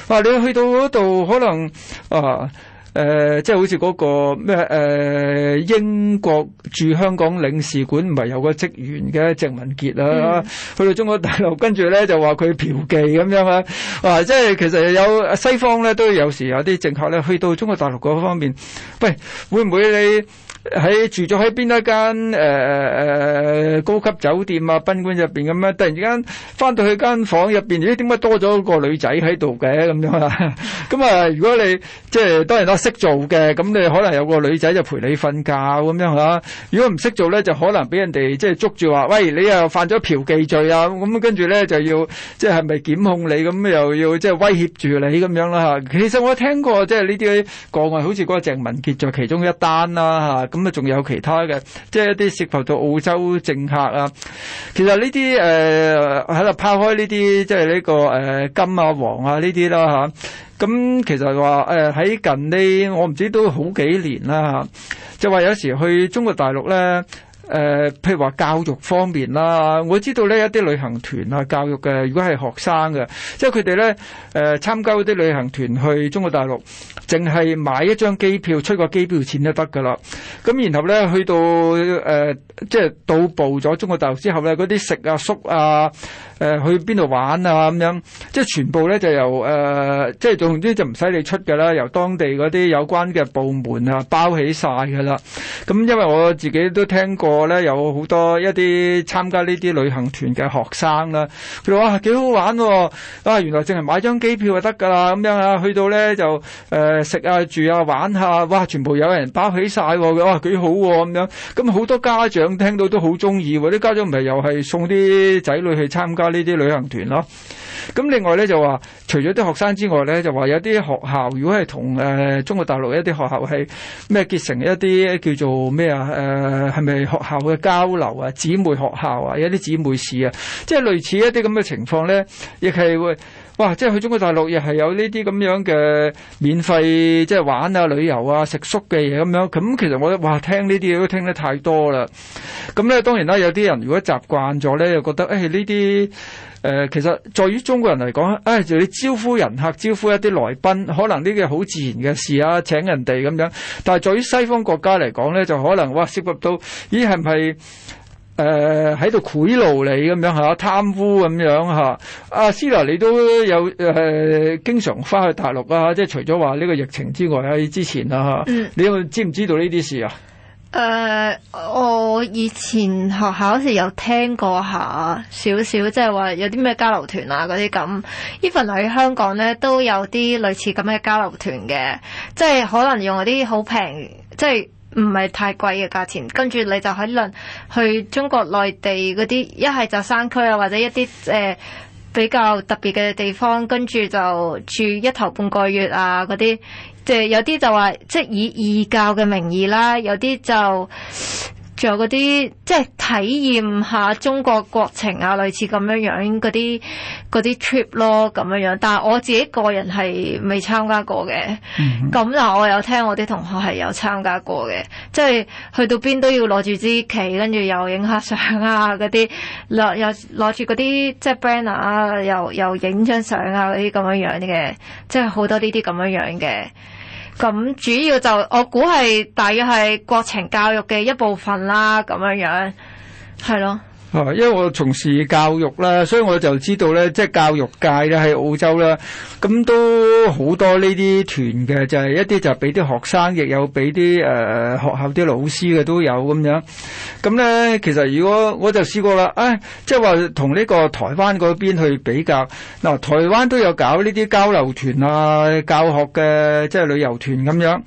Speaker 1: 哇，你去到嗰度可能啊～誒、呃，即係好似嗰、嗰個咩、呃、英國駐香港領事館，唔係有個職員嘅鄭文傑啦、啊嗯啊啊，去到中國大陸，跟住咧就話佢嫖妓咁樣啊！即係其實有西方咧，都有時有啲政客咧，去到中國大陸嗰方面，喂，會唔會你？喺住咗喺邊一間誒誒高級酒店啊賓館入邊咁樣，突然之間翻到去間房入邊，咦點解多咗個女仔喺度嘅咁樣啊？咁啊，如果你即係當然都識做嘅，咁你可能有個女仔就陪你瞓覺咁樣吓、啊。如果唔識做咧，就可能俾人哋即係捉住話，喂，你又犯咗嫖妓罪啊？咁跟住咧就要即係係咪檢控你？咁又要即係威脅住你咁樣啦、啊、吓。其實我聽過即係呢啲個案，好似嗰個鄭文傑就其中一單啦、啊、吓。啊咁啊，仲有其他嘅，即係一啲涉及到澳洲政客啊。其實呢啲誒喺度拋開呢啲，即係呢個誒金啊、黃啊呢啲啦嚇。咁其實話誒喺近呢，我唔知都好幾年啦嚇。就話有時去中國大陸咧，誒譬如話教育方面啦，我知道咧一啲旅行團啊教育嘅，如果係學生嘅，即係佢哋咧誒參加啲旅行團去中國大陸。淨係買一張機票，出個機票錢就得㗎啦。咁然後呢，去到誒，即、呃、係、就是、到步咗中國大陸之後呢，嗰啲食啊、宿啊。誒、呃、去邊度玩啊？咁樣即係全部咧就由誒、呃、即係總之就唔使你出㗎啦，由當地嗰啲有關嘅部門啊，包起曬㗎啦。咁因為我自己都聽過咧，有好多一啲參加呢啲旅行團嘅學生啦，佢話幾好玩喎、啊！啊，原來淨係買張機票就得㗎啦，咁樣啊，去到咧就誒食、呃、啊、住啊、玩下，哇！全部有人包起曬、啊，哇幾、啊、好喎、啊！咁樣咁好、嗯、多家長聽到都好中意喎。啲家長唔係又係送啲仔女去參加。呢啲旅行團咯，咁另外咧就話，除咗啲學生之外咧，就話有啲學校如果係同誒中國大陸一啲學校係咩結成一啲叫做咩啊誒係咪學校嘅交流啊姊妹學校啊有啲姊妹市啊，即係類似一啲咁嘅情況咧，亦係會。哇！即係去中國大陸又係有呢啲咁樣嘅免費即係玩啊、旅遊啊、食宿嘅嘢咁樣，咁其實我覺得，哇聽呢啲嘢都聽得太多啦。咁咧當然啦，有啲人如果習慣咗咧，又覺得誒呢啲其實在於中國人嚟講，誒、哎、就你招呼人客、招呼一啲來賓，可能呢啲好自然嘅事啊，請人哋咁樣。但係在於西方國家嚟講咧，就可能哇涉及到咦係咪？是誒喺度賄賂你咁樣下貪污咁樣下阿、啊、Sir 你都有誒、呃、經常翻去大陸啊，即係除咗話呢個疫情之外，喺之前啊、嗯、你知唔知道呢啲事啊？
Speaker 2: 誒、呃，我以前學校時有聽過下少少、就是啊，即係話有啲咩交流團啊嗰啲咁。even 喺香港咧都有啲類似咁嘅交流團嘅，即、就、係、是、可能用嗰啲好平，即係。唔係太貴嘅價錢，跟住你就可能去中國內地嗰啲，一係就山區啊，或者一啲誒、呃、比較特別嘅地方，跟住就住一頭半個月啊嗰啲，即係有啲就話即係以義教嘅名義啦，有啲就。仲有嗰啲即係體驗下中國國情啊，類似咁樣樣嗰啲嗰啲 trip 咯，咁樣樣。但係我自己個人係未參加過嘅。咁但、嗯、哼我有聽我啲同學係有參加過嘅，即係去到邊都要攞住支旗，跟住又影下相啊嗰啲，攞又攞住嗰啲即係 banner 啊，又又影張相啊嗰啲咁樣樣嘅，即係好多呢啲咁樣樣嘅。咁主要就我估係，大約係國情教育嘅一部分啦，咁樣樣係咯。
Speaker 1: 啊，因為我從事教育啦，所以我就知道咧，即係教育界咧喺澳洲啦，咁都好多呢啲團嘅，就係一啲就係俾啲學生，亦有俾啲誒學校啲老師嘅都有咁樣。咁咧，其實如果我就試過啦，誒，即係話同呢個台灣嗰邊去比較，嗱，台灣都有搞呢啲交流團啊、教學嘅即係旅遊團咁樣。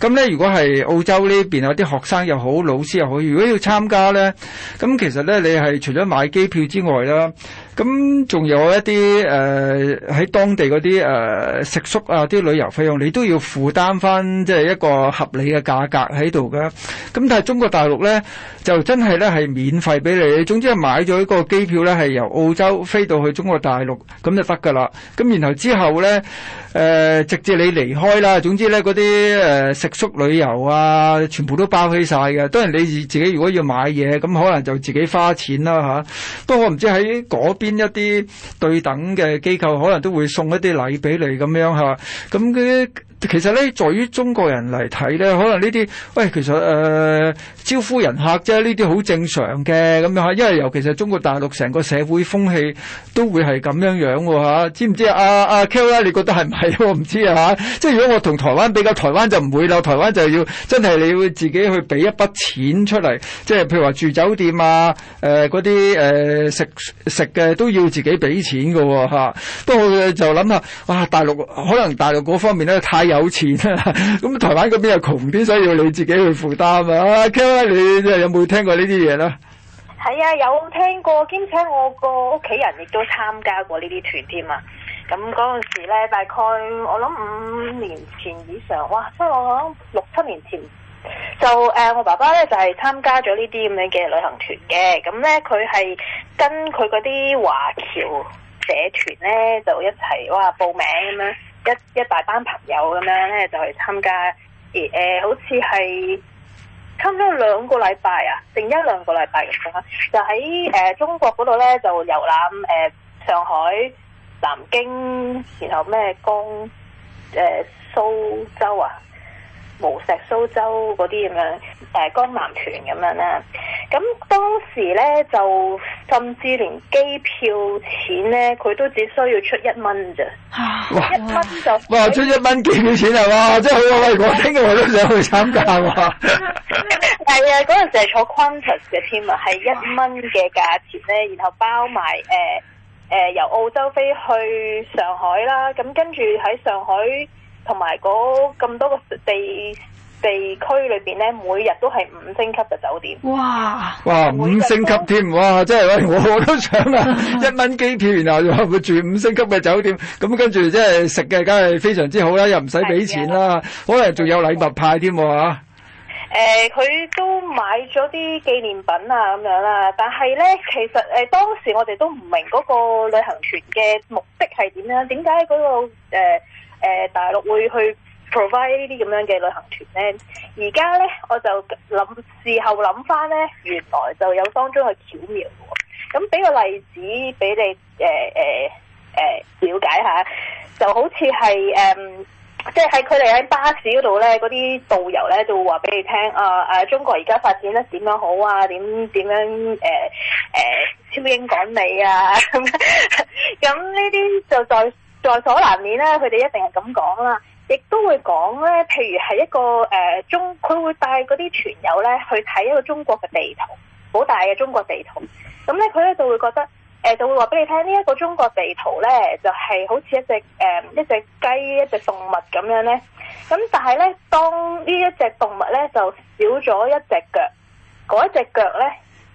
Speaker 1: 咁咧，如果係澳洲呢邊有啲學生又好，老師又好，如果要參加咧，咁其實咧你係。係，除咗買機票之外啦。咁仲有一啲誒喺當地嗰啲誒食宿啊，啲旅遊費用你都要負擔翻，即係一個合理嘅價格喺度噶。咁但係中國大陸咧就真係咧係免費俾你，總之係買咗一個機票咧係由澳洲飛到去中國大陸咁就得㗎啦。咁然後之後咧誒、呃、直至你離開啦，總之咧嗰啲誒食宿旅遊啊，全部都包起曬嘅。當然你自自己如果要買嘢咁，可能就自己花錢啦吓，啊、不過我唔知喺嗰邊，邊一啲對等嘅機構可能都會送一啲禮俾你咁樣，吓咁嗰啲。其實呢，在於中國人嚟睇呢，可能呢啲喂，其實誒、呃、招呼人客啫，呢啲好正常嘅咁樣嚇。因為尤其是中國大陸成個社會風氣都會係咁樣樣喎嚇。知唔知啊？阿阿 Kel 啊，K ell, 你覺得係唔係？我唔知啊嚇。即係如果我同台灣比較台灣，台灣就唔會啦。台灣就要真係你要自己去俾一筆錢出嚟，即係譬如話住酒店啊、嗰、呃、啲、呃、食食嘅都要自己俾錢㗎喎嚇。不過就諗下，哇！大陸可能大陸嗰方面咧太～有錢啦，咁台灣嗰邊又窮啲，所以要你自己去負擔啊！Kong，你有冇聽過呢啲嘢咧？
Speaker 3: 係啊，有聽過，兼且我個屋企人亦都參加過這些團、那個、呢啲團添啊！咁嗰陣時咧，大概我諗五年前以上，哇，即係我諗六七年前就誒、啊，我爸爸咧就係、是、參加咗呢啲咁樣嘅旅行團嘅。咁咧，佢係跟佢嗰啲華僑社團咧，就一齊哇報名咁樣。一一大班朋友咁樣咧，就去、是、參加，而、呃、誒，好似係差唔多兩個禮拜啊，定一兩個禮拜咁樣，就喺誒、呃、中國度咧，就遊覽誒上海、南京，然後咩江誒蘇州啊。無錫、蘇州嗰啲咁樣，誒江南團咁樣啦，咁當時咧就甚至連機票錢咧，佢都只需要出哇一蚊啫，一蚊就哇出
Speaker 1: 一蚊幾多錢啊！哇，真係，喂，我聽日我都想
Speaker 3: 去參加喎。係啊，嗰陣 時係坐 Qantas 嘅添啊，係一蚊嘅價錢咧，然後包埋誒誒由澳洲飛去上海啦，咁跟住喺上海。同埋嗰咁多個地地區裏邊咧，每日都係五星級嘅酒店。
Speaker 1: 哇！哇，五星級添，哇！真係，我我都想啦。嗯、一蚊機票然後住五星級嘅酒店，咁跟住即係食嘅，梗係非常之好啦，又唔使俾錢啦。的可能仲有禮物派添喎
Speaker 3: 嚇。佢的、啊呃、都買咗啲紀念品啊，咁樣啦。但係咧，其實誒、呃、當時我哋都唔明嗰個旅行團嘅目的係點啦？點解嗰個、呃誒、呃、大陸會去 provide 呢啲咁樣嘅旅行團咧，而家咧我就諗事後諗翻咧，原來就有當中嘅巧妙喎。咁俾個例子俾你誒誒誒瞭解一下，就好似係誒，即係喺佢哋喺巴士嗰度咧，嗰啲導遊咧就會話俾你聽啊啊，中國而家發展得點樣好啊？點點樣誒誒、呃呃、超英趕美啊？咁呢啲就再，在所難免咧，佢哋一定係咁講啦，亦都會講咧。譬如係一個誒、呃、中，佢會帶嗰啲團友咧去睇一個中國嘅地圖，好大嘅中國地圖。咁、嗯、咧，佢咧就會覺得，誒、呃、就會話俾你聽，呢、這、一個中國地圖咧就係、是、好似一隻誒一隻雞，一隻動物咁樣咧。咁、嗯、但係咧，當呢一隻動物咧就少咗一隻腳，嗰一隻腳咧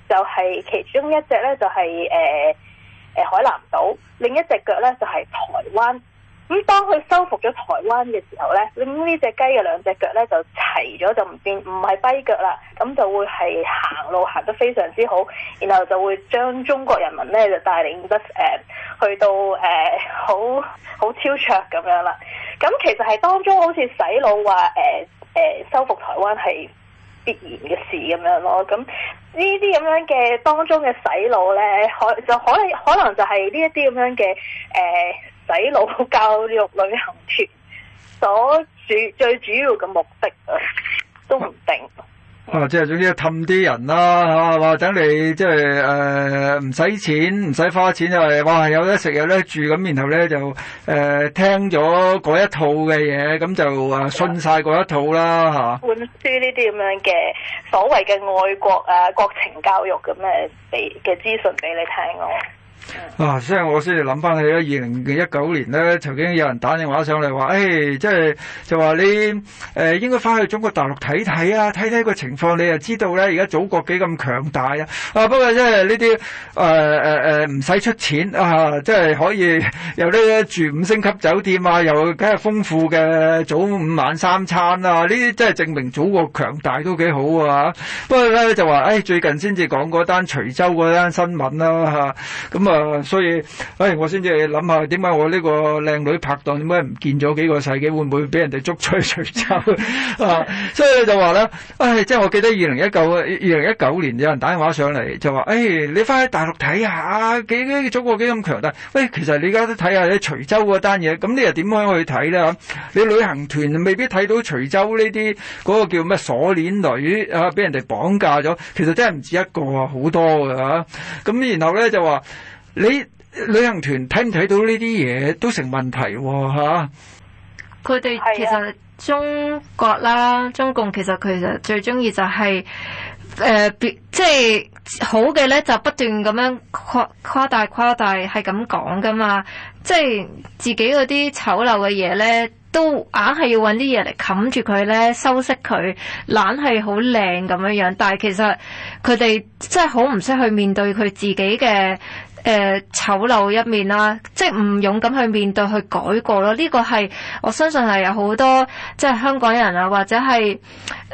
Speaker 3: 就係、是、其中一隻咧就係、是、誒。呃誒海南島，另一隻腳呢，就係、是、台灣。當佢收復咗台灣嘅時候呢，咁呢隻雞嘅兩隻腳呢，就齊咗，就唔變唔係跛腳啦。咁就會係行路行得非常之好，然後就會將中國人民呢，就帶領得誒、呃、去到誒好好超卓咁樣啦。咁其實係當中好似洗腦話誒誒收復台灣係。必然嘅事咁樣咯，咁呢啲咁樣嘅當中嘅洗腦咧，可就可以可能就係呢一啲咁樣嘅誒、呃、洗腦教育旅行團所主最主要嘅目的啊，都唔
Speaker 1: 定。啊！即係總之氹啲人啦，吓話等你即係誒唔使錢，唔使花錢就係哇，有得食有得住咁，然後咧就誒聽咗嗰一套嘅嘢，咁就啊信晒嗰一套啦，吓
Speaker 3: 灌輸呢啲咁樣嘅所謂嘅愛國啊國情教育咁嘅俾嘅資訊俾你聽咯。
Speaker 1: 啊，即係我先至諗翻起咧，二零一九年咧，曾經有人打電話上嚟話，誒、哎，即係就話、是、你誒、呃，應該翻去中國大陸睇睇啊，睇睇個情況，你又知道咧，而家祖國幾咁強大啊！啊，不過即係呢啲誒誒誒，唔、呃、使、呃呃、出錢啊，即、就、係、是、可以又呢住五星級酒店啊，又梗係豐富嘅早午晚三餐啊。呢啲真係證明祖國強大都幾好啊！不過咧就話，誒、哎，最近先至講嗰單徐州嗰單新聞啦吓，咁啊。啊嗯啊，uh, 所以，唉、哎，我先至諗下點解我呢個靚女拍檔點解唔見咗幾個世紀，會唔會俾人哋捉出去徐州啊？ uh, 所以就話咧，唉、哎，即係我記得二零一九啊，二零一九年有人打電話上嚟就話，唉、哎，你翻去大陸睇下，幾，中國幾咁強大？喂、哎，其實你而家都睇下啲徐州嗰單嘢，咁你又點樣去睇咧？你旅行團未必睇到徐州呢啲嗰個叫咩鎖鏈女啊，俾人哋綁架咗，其實真係唔止一個，好多嘅嚇。咁、啊、然後咧就話。你旅行團睇唔睇到呢啲嘢都成問題喎，啊，
Speaker 2: 佢哋其實中國啦，的中共其實佢就最中意就係誒，即係好嘅咧，就不斷咁樣誇，誇大誇大，係咁講噶嘛。即係自己嗰啲醜陋嘅嘢咧，都硬係要搵啲嘢嚟冚住佢咧，修飾佢，懶係好靚咁樣樣。但係其實佢哋真係好唔識去面對佢自己嘅。誒醜、呃、陋一面啦，即係唔勇敢去面對去改過咯。呢、這個係我相信係有好多即係香港人啊，或者係誒、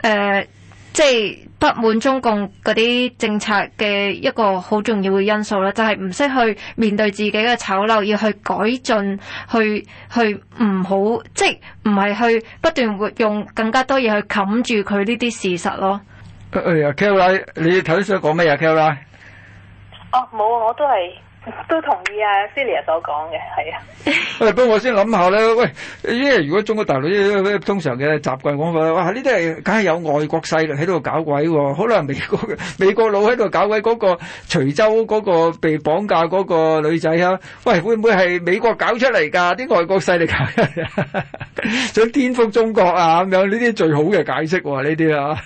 Speaker 2: 呃、即係不滿中共嗰啲政策嘅一個好重要嘅因素啦。就係唔識去面對自己嘅醜陋，要去改進，去去唔好即係唔係去不斷用更加多嘢去冚
Speaker 3: 住佢呢啲事實咯。
Speaker 1: 哎、Kelley，你頭先想講咩啊，Kelley？哦，冇，啊，我都係都同意啊，Celia 所講嘅，係啊。 喂，不過我先諗下咧，喂，因為如果中國大陸通常嘅習慣講法，哇，呢啲係梗係有外國勢力喺度搞鬼喎，可能美國美國佬喺度搞鬼，嗰個徐州嗰個被綁架嗰個女仔啊，喂，會唔會係美國搞出嚟噶？啲外國勢力搞出嚟，想顛覆中國啊咁樣，呢啲最好嘅解釋喎、哦，呢啲啊。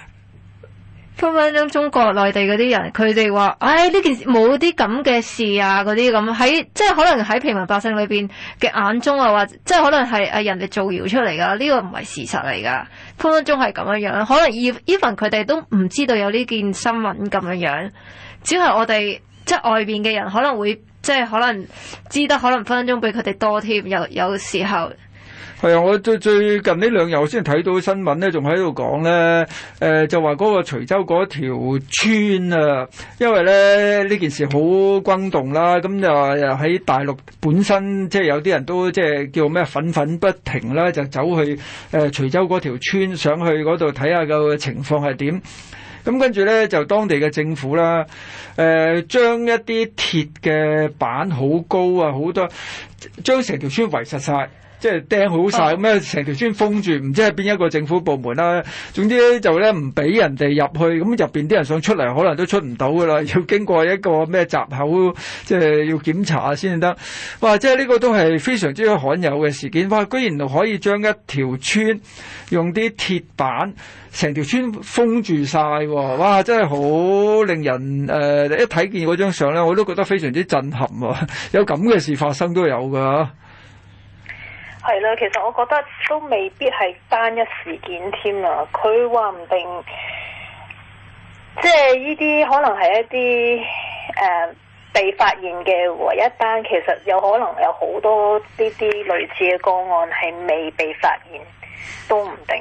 Speaker 2: 分分鐘中國內地嗰啲人，佢哋話，唉，呢件事冇啲咁嘅事啊，嗰啲咁，喺即係可能喺平民百姓裏邊嘅眼中啊，或者即係可能係人哋造謠出嚟噶，呢、這個唔係事實嚟噶，分分鐘係咁樣樣。可能 even 佢哋都唔知道有呢件新聞咁樣樣，只係我哋即係外邊嘅人可能會即係可能知得，可能分分鐘比佢哋多添。有有時候。
Speaker 1: 係啊！我最最近呢兩日我先睇到新聞咧，仲喺度講咧，誒、呃、就話嗰個徐州嗰條村啊，因為咧呢這件事好轟動啦，咁就喺大陸本身即係、就是、有啲人都即係、就是、叫咩憤憤不停啦，就走去誒、呃、徐州嗰條村上去嗰度睇下個情況係點。咁跟住咧就當地嘅政府啦，誒、呃、將一啲鐵嘅板好高啊，好多將成條村圍實晒。即係釘好曬咁成條村封住，唔知係邊一個政府部門啦。總之就咧唔俾人哋入去，咁入面啲人想出嚟，可能都出唔到噶啦。要經過一個咩閘口，即係要檢查先至得。哇！即係呢個都係非常之罕有嘅事件。哇！居然可以將一條村用啲鐵板，成條村封住曬。哇！真係好令人誒，一睇見嗰張相咧，我都覺得非常之震撼喎。有咁嘅事發生都有㗎。
Speaker 3: 係啦，其實我覺得都未必係單一事件添啊！佢話唔定，即係呢啲可能係一啲誒、呃、被發現嘅唯一單，其實有可能有好多呢啲類似嘅個案係未被發現，都唔定。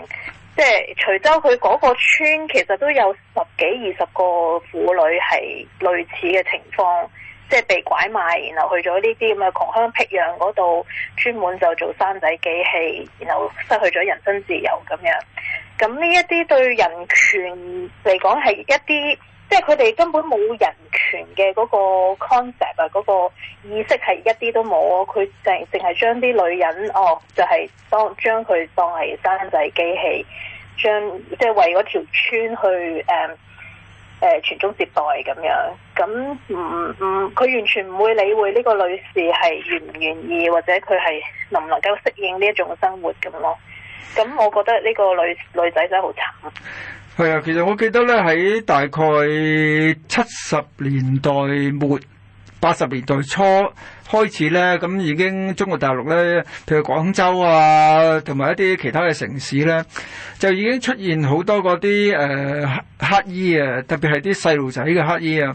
Speaker 3: 即係徐州佢嗰個村，其實都有十幾二十個婦女係類似嘅情況。即係被拐賣，然後去咗呢啲咁嘅窮鄉僻壤嗰度，專門就做生仔機器，然後失去咗人身自由咁樣。咁呢一啲對人權嚟講係一啲，即係佢哋根本冇人權嘅嗰個 concept 啊，嗰、那個意識係一啲都冇啊。佢淨淨係將啲女人哦，就係、是、當將佢當係生仔機器，將即係、就是、為嗰條村去誒。Um, 誒傳宗接代咁樣，咁唔唔，佢、嗯嗯、完全唔會理會呢個女士係願唔願意，或者佢係能唔能夠適應呢一種生活咁咯。咁我覺得呢個女女仔真係好慘。
Speaker 1: 係啊，其實我記得咧，喺大概七十年代末、八十年代初，開始呢，咁已經中國大陸呢，譬如廣州啊，同埋一啲其他嘅城市呢，就已經出現好多嗰啲、呃、乞衣啊，特別係啲細路仔嘅乞衣啊。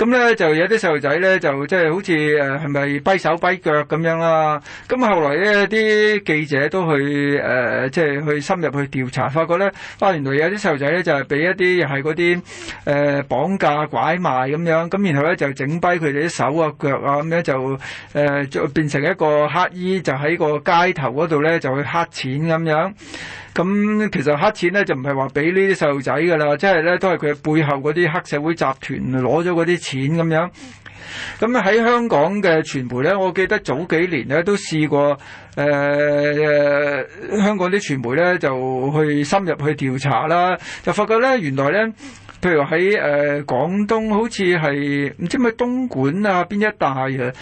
Speaker 1: 咁咧就有啲細路仔咧就即係好似係咪跛手跛腳咁樣啦。咁後來咧啲記者都去即係、呃就是、去深入去調查，發覺咧哇，原來有啲細路仔咧就係俾一啲係嗰啲誒綁架拐賣咁樣，咁然後咧就整跛佢哋啲手啊腳啊，咁樣，就、呃、誒變成一個乞兒，就喺個街頭嗰度咧就去乞錢咁樣。咁其實黑錢咧就唔係話俾呢啲細路仔㗎啦，即係咧都係佢背後嗰啲黑社會集團攞咗嗰啲錢咁樣。咁喺香港嘅傳媒咧，我記得早幾年咧都試過，誒、呃、香港啲傳媒咧就去深入去調查啦，就發覺咧原來咧，譬如喺誒、呃、廣東好，好似係唔知咪東莞啊邊一帶呀、啊，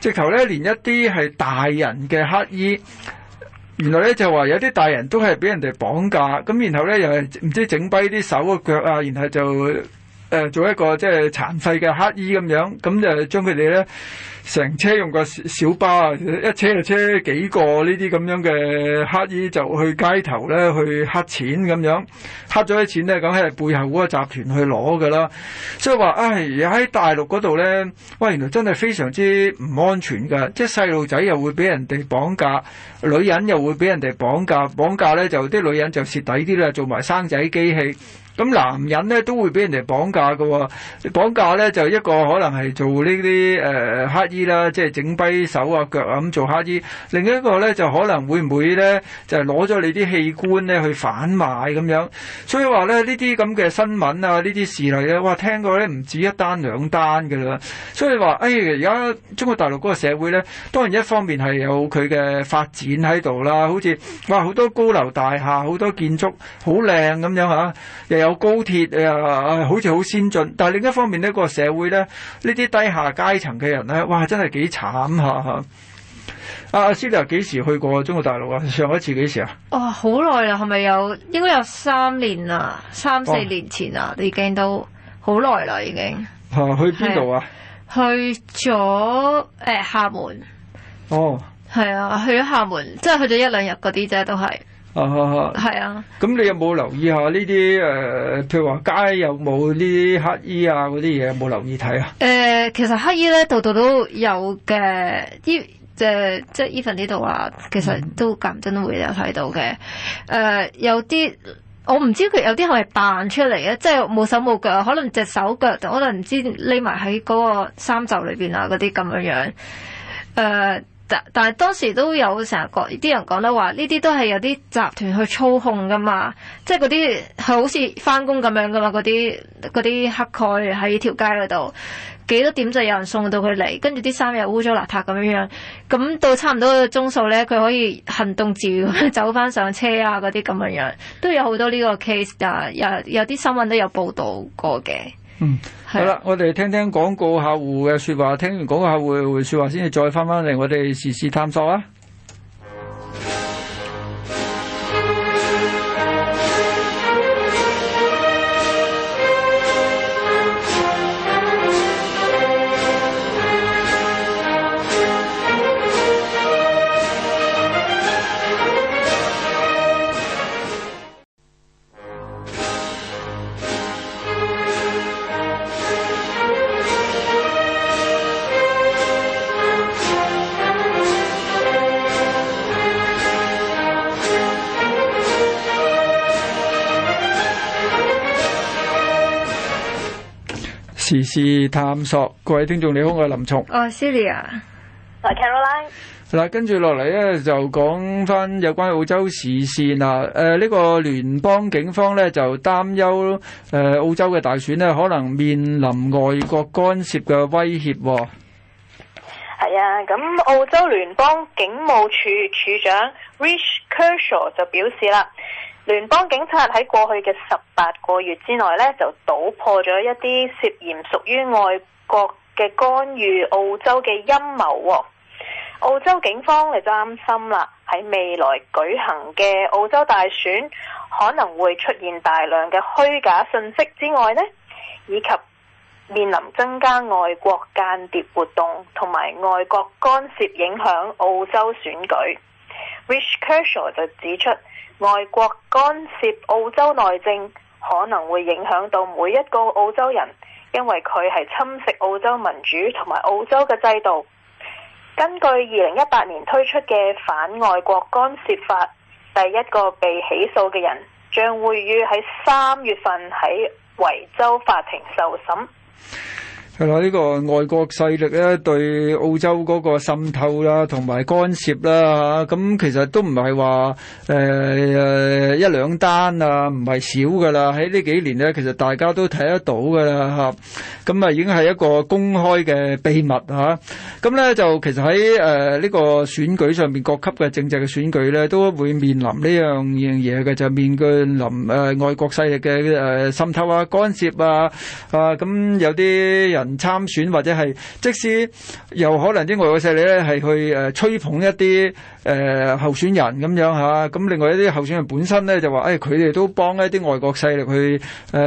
Speaker 1: 直頭咧連一啲係大人嘅黑衣。原來咧就話有啲大人都係俾人哋綁架，咁然後咧又係唔知整跛啲手啊腳啊，然後就、呃、做一個即係殘廢嘅乞兒咁樣，咁就將佢哋咧。成車用個小巴啊，一車就車幾個呢啲咁樣嘅黑衣就去街頭咧，去黑錢咁樣，黑咗啲錢咧，梗係背後嗰個集團去攞噶啦。所以話唉，喺、哎、大陸嗰度咧，喂原來真係非常之唔安全噶，即係細路仔又會俾人哋綁架，女人又會俾人哋綁架，綁架咧就啲女人就蝕底啲啦，做埋生仔機器。咁男人咧都會俾人哋綁架㗎喎、哦，綁架咧就一個可能係做呢啲誒乞兒啦，即係整跛手啊腳啊咁做乞兒，另一個咧就可能會唔會咧就係攞咗你啲器官咧去販賣咁樣，所以話咧呢啲咁嘅新聞啊，呢啲事例咧，哇聽過咧唔止一單兩單㗎啦，所以話誒而家中國大陸嗰個社會咧，當然一方面係有佢嘅發展喺度啦，好似哇好多高樓大廈好多建築好靚咁樣吓。啊，又有有高鐵啊，好似好先進，但係另一方面呢、呢個社會咧，呢啲低下階層嘅人咧，哇，真係幾慘嚇嚇！阿、啊、阿、啊、斯莉亞幾時去過中國大陸啊？上一次幾時啊？
Speaker 2: 哦，好耐啦，係咪有應該有三年啦，三四年前啊、哦，已經都好耐啦，已經、
Speaker 1: 哦、去邊度啊？欸哦、
Speaker 2: 啊？去咗誒廈門。哦，係啊，去咗廈門，即係去咗一兩日嗰啲啫，都係。Uh, 啊，係啊，
Speaker 1: 咁你有冇留意下呢啲誒，譬如話街有冇呢啲乞衣啊嗰啲嘢有冇留意睇啊？
Speaker 2: 誒、呃，其實乞衣咧度度都有嘅，依誒即係 even 呢度啊，其實都間唔中都會有睇到嘅。誒、嗯呃，有啲我唔知佢有啲係咪扮出嚟啊，即係冇手冇腳，可能隻手腳可能唔知匿埋喺嗰個衫袖裏面啊嗰啲咁樣樣，呃但但係當時有有都有成日個啲人講得話，呢啲都係有啲集團去操控噶嘛，即係嗰啲好似返工咁樣噶嘛，嗰啲嗰啲乞丐喺條街嗰度，幾多點就有人送到佢嚟，跟住啲衫又污糟邋遢咁樣樣，咁到差唔多個鐘數咧，佢可以行動自如 走返上車啊嗰啲咁樣都有好多呢個 case 啊，有有啲新聞都有報導過嘅。嗯，的好啦，
Speaker 1: 我哋聽聽廣告客戶嘅說話，聽完廣告客戶嘅說話先至再翻返嚟，我哋時事探索啊！時事探索，各位聽眾你好，我係林松。
Speaker 2: 哦，Celia，嗱，Caroline，
Speaker 1: 嗱，跟住落嚟咧就講翻有關澳洲時事啦。誒、啊，呢、這個聯邦警方咧就擔憂，誒、啊，澳洲嘅大選呢，可能面臨外國干涉嘅威脅。
Speaker 3: 係啊，咁澳洲聯邦警務處處,處長 Rich Kershaw 就表示啦。聯邦警察喺過去嘅十八個月之內呢，就搗破咗一啲涉嫌屬於外國嘅干預澳洲嘅陰謀，哦。澳洲警方亦都擔心啦，喺未來舉行嘅澳洲大選可能會出現大量嘅虛假信息之外呢，呢以及面臨增加外國間諜活動同埋外國干涉影響澳洲選舉。Rich Kershaw 就指出，外國干涉澳洲內政可能會影響到每一個澳洲人，因為佢係侵蝕澳洲民主同埋澳洲嘅制度。根據二零一八年推出嘅反外國干涉法，第一個被起訴嘅人將會於喺三月份喺維州法庭受審。
Speaker 1: 係啦，呢個外國勢力咧對澳洲嗰個滲透啦，同埋干涉啦嚇，咁其實都唔係話誒誒一兩單啊，唔係少噶啦。喺呢幾年咧，其實大家都睇得到噶啦嚇，咁啊已經係一個公開嘅秘密嚇。咁咧就其實喺誒呢個選舉上面，各級嘅政治嘅選舉咧，都會面臨呢樣樣嘢嘅就面臨誒外國勢力嘅誒滲透啊、干涉啊啊咁有啲人。唔參選，或者係即使有可能啲外國勢力咧，係去誒吹捧一啲。誒候選人咁樣嚇，咁另外一啲候選人本身咧就話，誒佢哋都幫一啲外國勢力去誒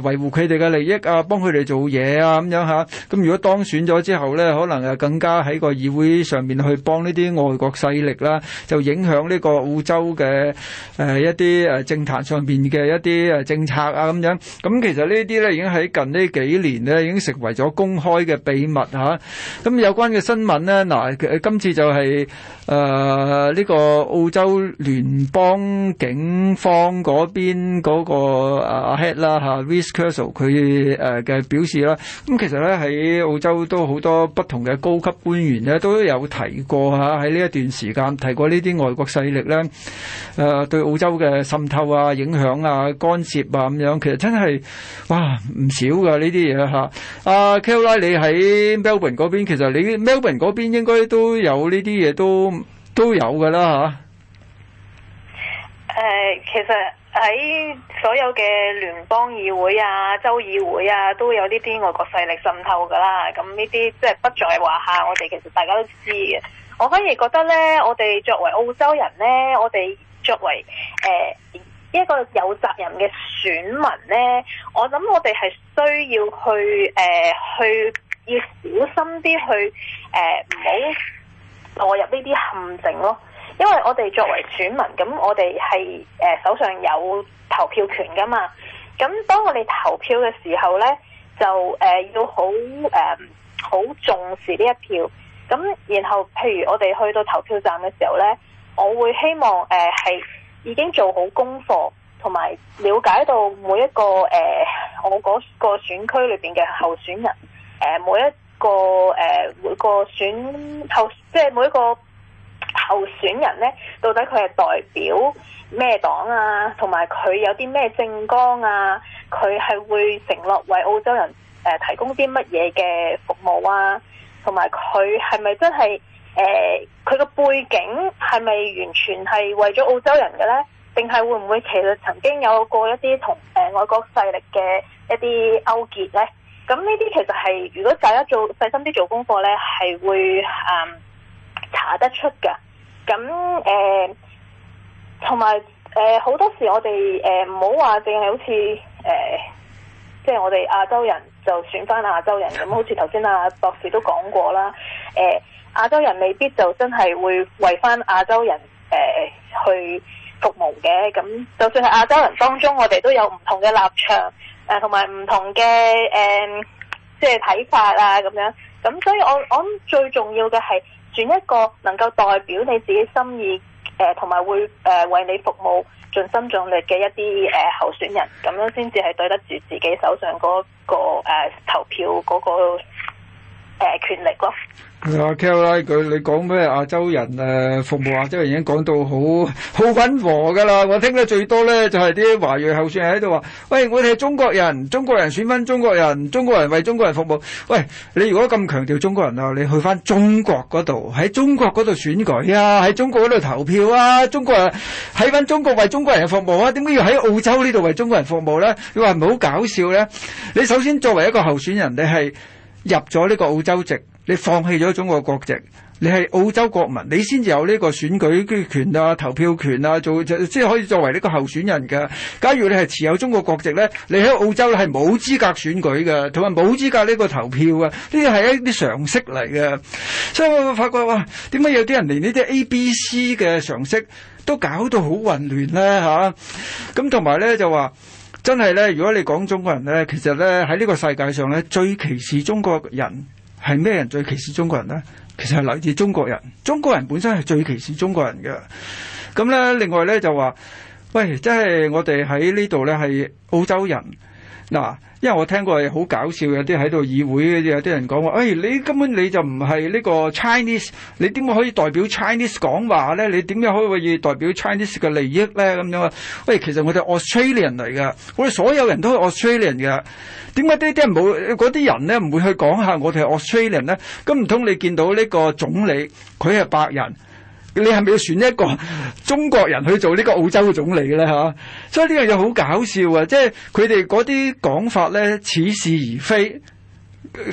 Speaker 1: 維護佢哋嘅利益啊，幫佢哋做嘢啊咁樣嚇。咁如果當選咗之後咧，可能誒更加喺個議會上面去幫呢啲外國勢力啦，就影響呢個澳洲嘅誒一啲誒政壇上面嘅一啲誒政策啊咁樣。咁其實呢啲咧已經喺近呢幾年咧已經成為咗公開嘅秘密嚇。咁有關嘅新聞咧嗱，今次就係誒。誒呢個澳洲聯邦警方嗰邊嗰個阿 head 啦嚇，Reece Kershaw 佢誒嘅表示啦，咁其實咧喺澳洲都好多不同嘅高級官員咧都有提過嚇，喺呢一段時間提過呢啲外國勢力咧誒對澳洲嘅滲透啊、影響啊、干涉啊咁樣，其實真係哇唔少㗎呢啲嘢嚇。阿 Kela，你喺 Melbourne 嗰邊，其實你 Melbourne 嗰邊應該都有呢啲嘢都。都有嘅啦吓，誒、啊
Speaker 3: 呃，其實喺所有嘅聯邦議會啊、州議會啊，都有呢啲外國勢力滲透噶啦。咁呢啲即係不在話下，我哋其實大家都知嘅。我反而覺得咧，我哋作為澳洲人咧，我哋作為誒、呃、一個有責任嘅選民咧，我諗我哋係需要去誒、呃、去要小心啲去誒，唔、呃、好。不要落入呢啲陷阱咯，因為我哋作為選民，咁我哋係、呃、手上有投票權噶嘛。咁當我哋投票嘅時候呢，就誒、呃、要好誒好重視呢一票。咁然後，譬如我哋去到投票站嘅時候呢，我會希望誒係、呃、已經做好功課，同埋了解到每一個誒、呃、我嗰個選區裏面嘅候選人、呃、每一個誒每個選候，即係每一個候選人咧，到底佢係代表咩黨啊？同埋佢有啲咩政綱啊？佢係會承諾為澳洲人誒提供啲乜嘢嘅服務啊？同埋佢係咪真係誒佢個背景係咪完全係為咗澳洲人嘅咧？定係會唔會其實曾經有過一啲同誒外國勢力嘅一啲勾結咧？咁呢啲其實係如果大家做細心啲做功課呢，係會誒、嗯、查得出噶。咁誒，同埋誒好多時我哋誒唔好話淨係好似誒，即、呃、係、就是、我哋亞洲人就選翻亞洲人咁。好似頭先阿博士都講過啦，誒、呃、亞洲人未必就真係會為翻亞洲人誒、呃、去服務嘅。咁就算係亞洲人當中，我哋都有唔同嘅立場。誒，還有不同埋唔同嘅誒，即係睇法啊，咁樣，咁所以我我諗最重要嘅係選一個能夠代表你自己心意，誒、呃，同埋會誒、呃、為你服務盡盡、盡心盡力嘅一啲誒候選人，咁樣先至係對得住自己手上嗰、那個誒、呃、投票嗰、那個誒、呃、
Speaker 1: 權力咯。阿 Kel，佢你講咩？亞洲人誒服務亞洲人已經講到好好溫和㗎啦！我聽得最多咧就係、是、啲華裔候選人喺度話，喂，我哋係中國人，中國人選翻中國人，中國人為中國人服務。喂，你如果咁強調中國人啊，你去翻中國嗰度，喺中國嗰度選舉啊，喺中國嗰度投票啊，中國人喺返中國為中國人服務啊，點解要喺澳洲呢度為中國人服務咧？你話唔好搞笑咧？你首先作為一個候選人，你係入咗呢個澳洲籍。你放棄咗中國國籍，你係澳洲國民，你先至有呢個選舉權啊、投票權啊，做即係可以作為呢個候選人嘅。假如你係持有中國國籍咧，你喺澳洲係冇資格選舉嘅，同埋冇資格呢個投票啊。呢啲係一啲常識嚟嘅，所以我會發覺嘩，點解有啲人連呢啲 A、B、C 嘅常識都搞到好混亂呢吓？啊，咁同埋咧就話真係咧，如果你講中國人咧，其實咧喺呢個世界上咧最歧視中國人。係咩人最歧視中國人呢？其實係來自中國人，中國人本身係最歧視中國人嘅。咁咧，另外咧就話，喂，即係我哋喺呢度咧係澳洲人，嗱。因為我聽過好搞笑嘅，有啲喺度議會有啲人講話，誒、哎、你根本你就唔係呢個 Chinese，你點解可以代表 Chinese 講話咧？你點樣可以代表 Chinese 嘅利益咧？咁樣啊？喂、哎，其實我哋 Australian 嚟噶，我哋所有人都係 Australian 㗎，點解呢啲人冇嗰啲人咧，唔會去講下我哋係 Australian 咧？咁唔通你見到呢個總理佢係白人？你係咪要選一個中國人去做呢個澳洲嘅總理咧？嚇、啊！所以呢樣嘢好搞笑啊！即係佢哋嗰啲講法咧，似是而非，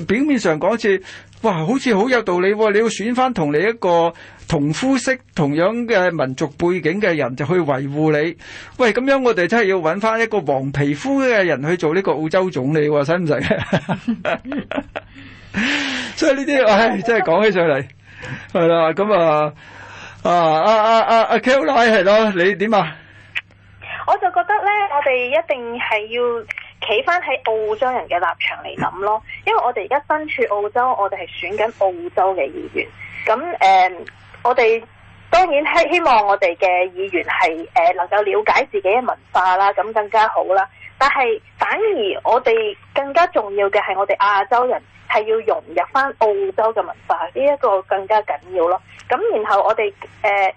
Speaker 1: 表面上講住哇，好似好有道理，哦。你要選翻同你一個同膚色、同樣嘅民族背景嘅人就去維護你。喂，咁樣我哋真係要揾翻一個黃皮膚嘅人去做呢個澳洲總理喎、哦，使唔使？ 所以呢啲唉，真係講起上嚟係啦，咁 啊～啊！阿阿阿阿 k e 係咯，你點啊？
Speaker 3: 啊啊我就覺得呢，我哋一定係要企翻喺澳洲人嘅立場嚟諗咯，因為我哋而家身處澳洲，我哋係選緊澳洲嘅議員。咁誒、呃，我哋當然希希望我哋嘅議員係誒、呃、能夠了解自己嘅文化啦，咁更加好啦。但係反而我哋更加重要嘅係我哋亞洲人。係要融入翻澳洲嘅文化，呢、這、一個更加緊要咯。咁然後我哋誒、呃、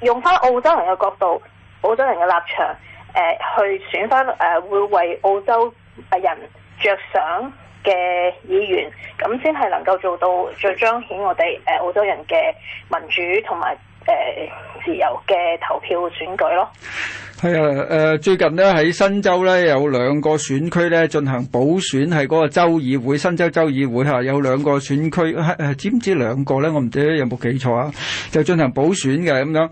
Speaker 3: 用翻澳洲人嘅角度、澳洲人嘅立場誒、呃、去選翻誒、呃、會為澳洲人着想嘅議員，咁先係能夠做到最彰顯我哋誒、呃、澳洲人嘅民主同埋誒自由嘅投票選舉咯。
Speaker 1: 係啊，誒、呃，最近呢，喺新州呢，有兩個選區咧進行補選，係嗰個州議會，新州州議會吓、啊，有兩個選區、啊，知唔知兩個呢？我唔知有冇記錯啊，就進行補選嘅咁樣。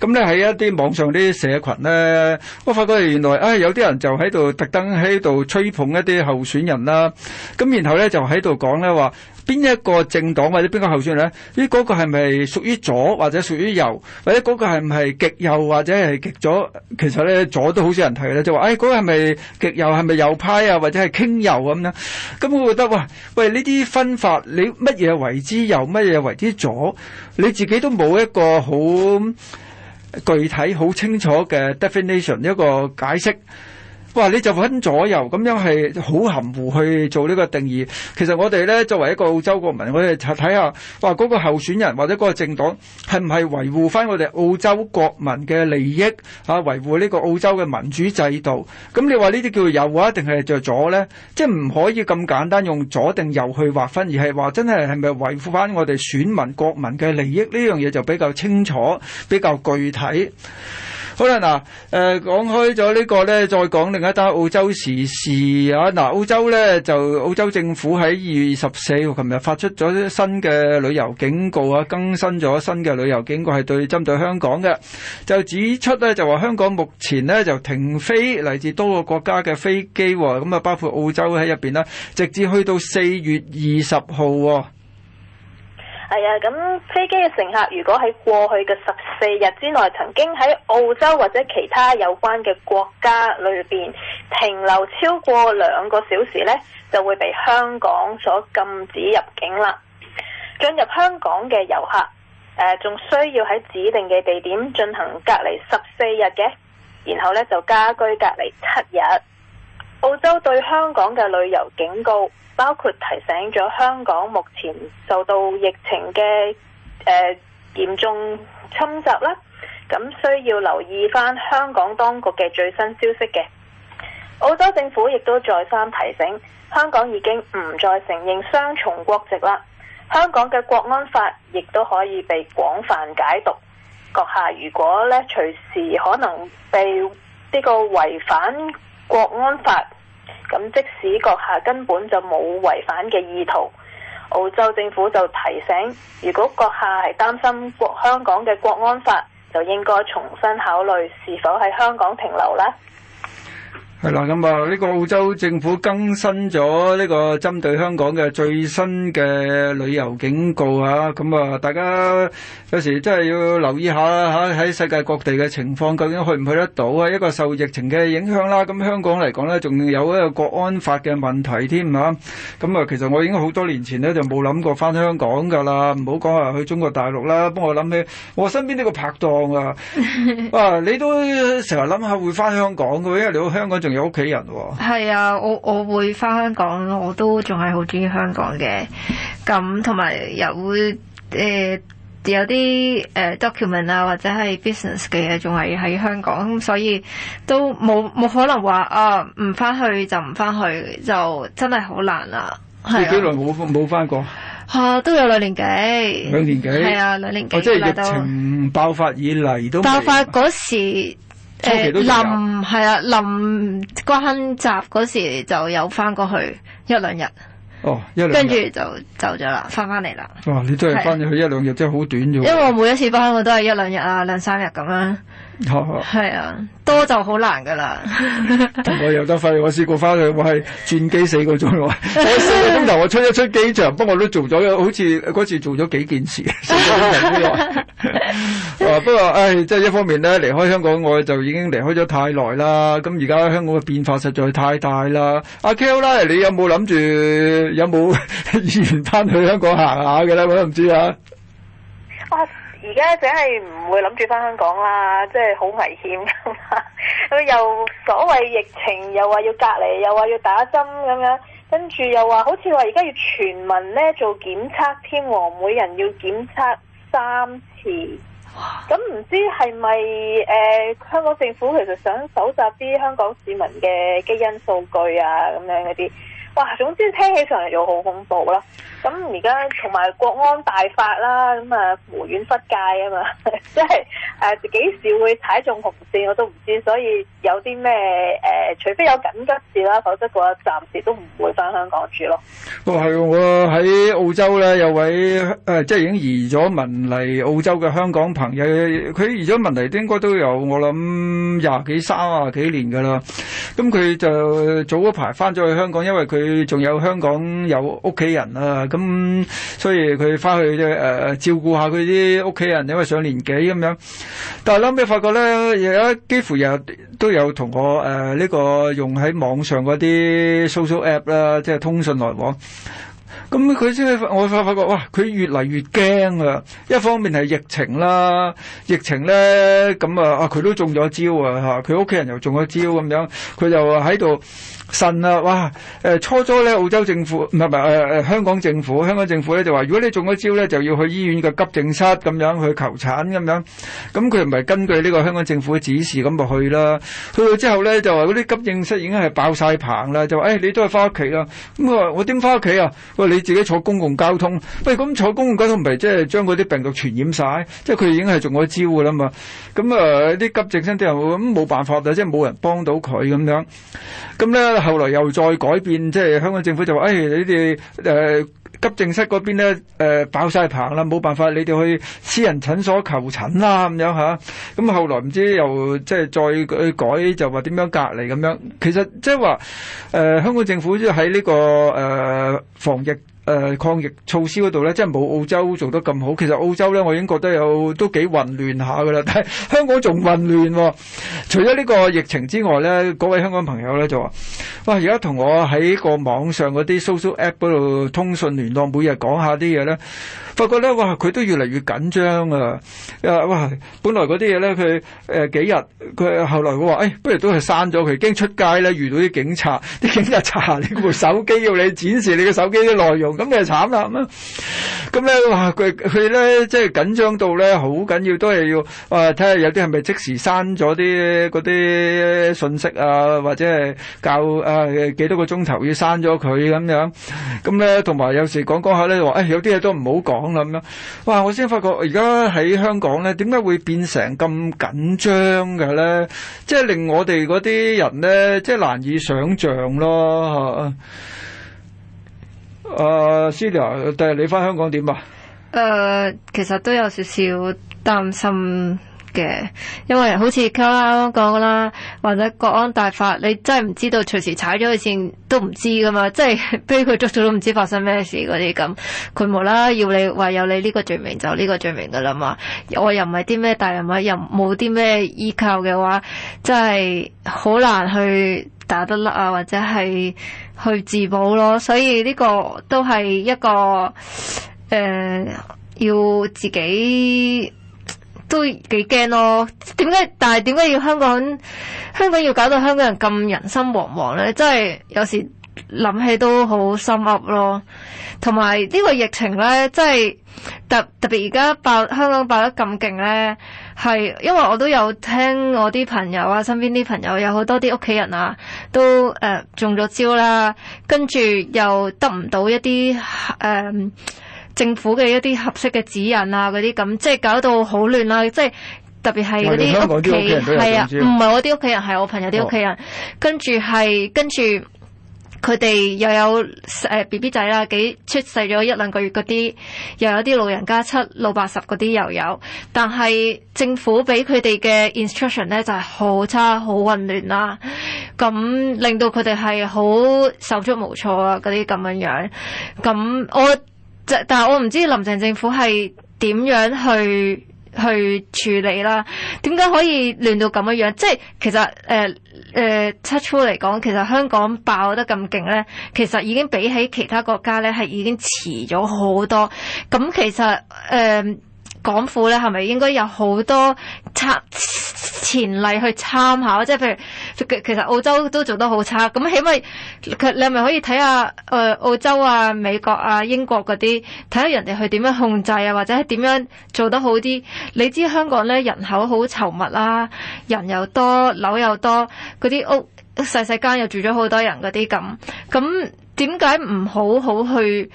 Speaker 1: 咁呢，喺一啲網上啲社群呢，我發覺原來誒、哎、有啲人就喺度特登喺度吹捧一啲候選人啦。咁然後呢，就喺度講呢，話，邊一個政黨或者邊個候選人呢？咦，嗰個係咪屬於左或者屬於右？或者嗰個係唔係極右或者係極左？其實咧左都好少人睇啦，就話誒嗰個係咪極右，係咪右派啊，或者係傾右咁樣。咁我覺得，哇喂，呢啲分法，你乜嘢為之右，乜嘢為之左，你自己都冇一個好具體、好清楚嘅 definition，一個解釋。哇！你就分左右咁樣係好含糊去做呢個定義。其實我哋呢，作為一個澳洲國民，我哋睇下哇嗰個候選人或者嗰個政黨係唔係維護翻我哋澳洲國民嘅利益、啊、維護呢個澳洲嘅民主制度。咁你話呢啲叫做右啊，定係就左呢？即係唔可以咁簡單用左定右去劃分，而係話真係係咪維護翻我哋選民國民嘅利益呢樣嘢就比較清楚，比較具體。好啦，嗱、呃，講開咗呢個呢再講另一單澳洲時事啊。嗱、啊，澳洲呢就澳洲政府喺二月二十四號琴日發出咗新嘅旅遊警告啊，更新咗新嘅旅遊警告係對針對香港嘅，就指出呢就話香港目前呢就停飛嚟自多個國家嘅飛機咁啊、哦，包括澳洲喺入面啦，直至去到四月二十號。
Speaker 3: 係啊，咁飛機嘅乘客如果喺過去嘅十四日之內，曾經喺澳洲或者其他有關嘅國家裏邊停留超過兩個小時呢，就會被香港所禁止入境啦。進入香港嘅遊客，誒、呃，仲需要喺指定嘅地點進行隔離十四日嘅，然後咧就家居隔離七日。澳洲對香港嘅旅遊警告，包括提醒咗香港目前受到疫情嘅、呃、嚴重侵襲啦，咁需要留意翻香港當局嘅最新消息嘅。澳洲政府亦都再三提醒，香港已經唔再承認雙重國籍啦。香港嘅國安法亦都可以被廣泛解讀。閣下如果咧隨時可能被呢個違反。國安法，咁即使閣下根本就冇違反嘅意圖，澳洲政府就提醒，如果閣下係擔心國香港嘅國安法，就應該重新考慮是否喺香港停留啦。
Speaker 1: 係啦，咁啊，呢個澳洲政府更新咗呢個針對香港嘅最新嘅旅遊警告嚇，咁啊，大家有時真係要留意下嚇喺世界各地嘅情況，究竟去唔去得到啊？一個受疫情嘅影響啦，咁香港嚟講咧，仲有一個國安法嘅問題添嚇，咁啊，其實我已經好多年前咧就冇諗過翻香港㗎啦，唔好講話去中國大陸啦，不過我諗起我身邊呢個拍檔啊，啊，你都成日諗下會翻香港㗎，因為你到香港就～仲有屋企人喎、
Speaker 2: 哦，係啊，我我會翻香港，我都仲係好中意香港嘅，咁同埋又會有誒、呃、有啲誒、呃、document 啊，或者係 business 嘅嘢，仲係喺香港，所以都冇冇可能話啊唔翻去就唔翻去，就真係好難啦、啊。啊、你幾
Speaker 1: 耐冇冇翻過？
Speaker 2: 嚇、啊，都有兩年幾。兩年幾？係啊，兩年幾啦。即係疫情
Speaker 1: 爆發以嚟都。爆發嗰時。誒，臨
Speaker 2: 係啊，臨關閘嗰時就有翻過去一兩日。
Speaker 1: 哦，一兩日，跟住
Speaker 2: 就走咗啦，翻翻嚟啦。
Speaker 1: 哇、哦，你都係翻咗去一兩日，真係好短啫。因為
Speaker 2: 我每一次翻我都係一兩日啊，兩三日咁樣。係、哦、啊，多就好難噶啦。
Speaker 1: 我有得費，我試過翻去，我係轉機四個鐘喎。 我四個鐘頭，我出一出機場，不過我都做咗，好似嗰次做咗幾件事，四個鐘頭、 啊。不過，唉、哎，即係一方面咧，離開香港，我就已經離開咗太耐啦。咁而家香港嘅變化實在太大啦。阿、啊、Kel 啦，你有冇諗住有冇意願翻去香港行下嘅咧？我都唔知啊。啊
Speaker 3: 而家真係唔會諗住返香港啦，即係好危險咁，又所謂疫情，又話要隔離，又話要打針咁樣，跟住又話好似話而家要全民呢做檢測添，和每人要檢測三次。哇！咁唔知係咪誒香港政府其實想搜集啲香港市民嘅基因數據啊？咁樣嗰啲。哇，總之聽起上嚟就好恐怖啦！咁而家同埋國安大法啦，咁啊無遠弗屆啊嘛，即係誒幾時會踩中紅線我都唔知，所以有啲咩誒，除、呃、非有緊急事啦，否則我暫時都唔會
Speaker 1: 翻香港住咯。哦，係喎，喺澳洲咧有位誒、呃，即係已經移咗民嚟澳洲嘅香港朋友，佢移咗民嚟都應該都有我諗廿幾三啊幾年㗎啦。咁佢就早一排翻咗去香港，因為佢。仲有香港有屋企人啊，咁所以佢翻去即係誒照顧下佢啲屋企人，因為上年紀咁樣。但係諗屘發覺咧，而家幾乎日都有同我誒呢、呃呢個用喺網上嗰啲 social app 啦，即係通訊來往。咁佢先，我發發覺哇，佢越嚟越驚啊！一方面係疫情啦，疫情咧，咁啊啊，佢、啊、都中咗招啊嚇，佢屋企人又中咗招咁樣，佢就喺度呻啊！哇，啊、初初咧，澳洲政府唔係唔係香港政府，香港政府咧就話，如果你中咗招咧，就要去醫院嘅急症室咁樣去求診咁樣，咁佢唔係根據呢個香港政府嘅指示咁就去啦。去到之後咧就話嗰啲急症室已經係爆晒棚啦，就話、哎、你都係翻屋企啦。咁我我點翻屋企啊？喂，你自己坐公共交通，喂，咁坐公共交通唔係即係將嗰啲病毒傳染晒，即係佢已經係中咗招噶啦嘛。咁啊，啲、呃、急症室啲人咁冇辦法啦，即係冇人幫到佢咁樣。咁咧，後來又再改變，即係香港政府就話，誒，你哋誒。呃急症室嗰邊咧，誒、呃、爆曬棚啦，冇辦法，你哋去私人診所求診啦，咁樣吓。咁、啊、後來唔知又即係再改就話點樣隔離咁樣。其實即係話誒，香港政府喺呢、這個誒、呃、防疫。誒、呃、抗疫措施嗰度咧，真係冇澳洲做得咁好。其實澳洲咧，我已經覺得有都幾混亂下噶啦。但係香港仲混亂，哦，除咗呢個疫情之外咧，位香港朋友咧就話，哇！而家同我喺個網上嗰啲 social app 度通訊聯絡，每日講下啲嘢咧，發覺咧，哇！佢都越嚟越緊張啊！啊哇！本來嗰啲嘢咧，佢誒、呃、幾日佢後來佢話誒不如都係刪咗佢。驚出街咧遇到啲警察，啲警察查你部 手機，要你展示你嘅手機啲內容。咁你係慘啦咁呢，咧哇佢佢咧即係緊張到咧好緊要，都係要啊睇下有啲係咪即時刪咗啲嗰啲信息啊，或者係教啊幾多個鐘頭要刪咗佢咁樣，咁咧同埋有時講講下咧話，誒有啲嘢都唔好講啦咁樣哇！我先發覺而家喺香港咧，點解會變成咁緊張嘅咧？即係令我哋嗰啲人咧，即係難以想像咯吓。誒、uh，Celia 第日你翻香港點啊？誒
Speaker 2: ，uh, 其實都有少少擔心。嘅，因為好似卡啱啱講啦，或者國安大法，你真係唔知道隨時踩咗佢線都唔知噶嘛，即係俾佢捉咗都唔知發生咩事嗰啲咁，佢無啦啦，要你話有你呢個罪名就呢個罪名噶啦嘛，我又唔係啲咩大人物，又冇啲咩依靠嘅話，真係好難去打得甩啊，或者係去自保咯，所以呢個都係一個誒、呃，要自己。都幾驚咯？點解？但係點解要香港香港要搞到香港人咁人心惶惶咧？真係有時諗起都好心悒咯。同埋呢個疫情咧，真係特特別而家爆香港爆得咁勁咧，係因為我都有聽我啲朋友啊，身邊啲朋友有好多啲屋企人啊，都誒、呃、中咗招啦，跟住又得唔到一啲誒。呃政府嘅一啲合適嘅指引啊，嗰啲咁，即係搞到好亂啦、啊！即係特別係嗰啲屋企，係裡啊，唔係我啲屋企人，係我朋友啲屋企人，哦、跟住係跟住佢哋又有 B B、呃、仔啦，幾出世咗一兩個月嗰啲，又有啲老人家七老八十嗰啲又有，但係政府俾佢哋嘅 instruction 咧就係、是、好差、好混亂啦、啊，咁令到佢哋係好手足無措啊嗰啲咁樣樣，咁我。但係我唔知林鄭政府係點樣去去處理啦？點解可以亂到咁樣？即係其實誒誒、呃呃、七月初嚟講，其實香港爆得咁勁呢，其實已經比起其他國家呢，係已經遲咗好多。咁其實誒。呃港府咧係咪應該有好多參前例去參考？即係譬如，其實澳洲都做得好差，咁起碼佢你係咪可以睇下、呃、澳洲啊、美國啊、英國嗰啲，睇下人哋去點樣控制啊，或者係點樣做得好啲？你知香港咧人口好稠密啦、啊，人又多，樓又多，嗰啲屋細細間又住咗好多人嗰啲咁，咁點解唔好好去？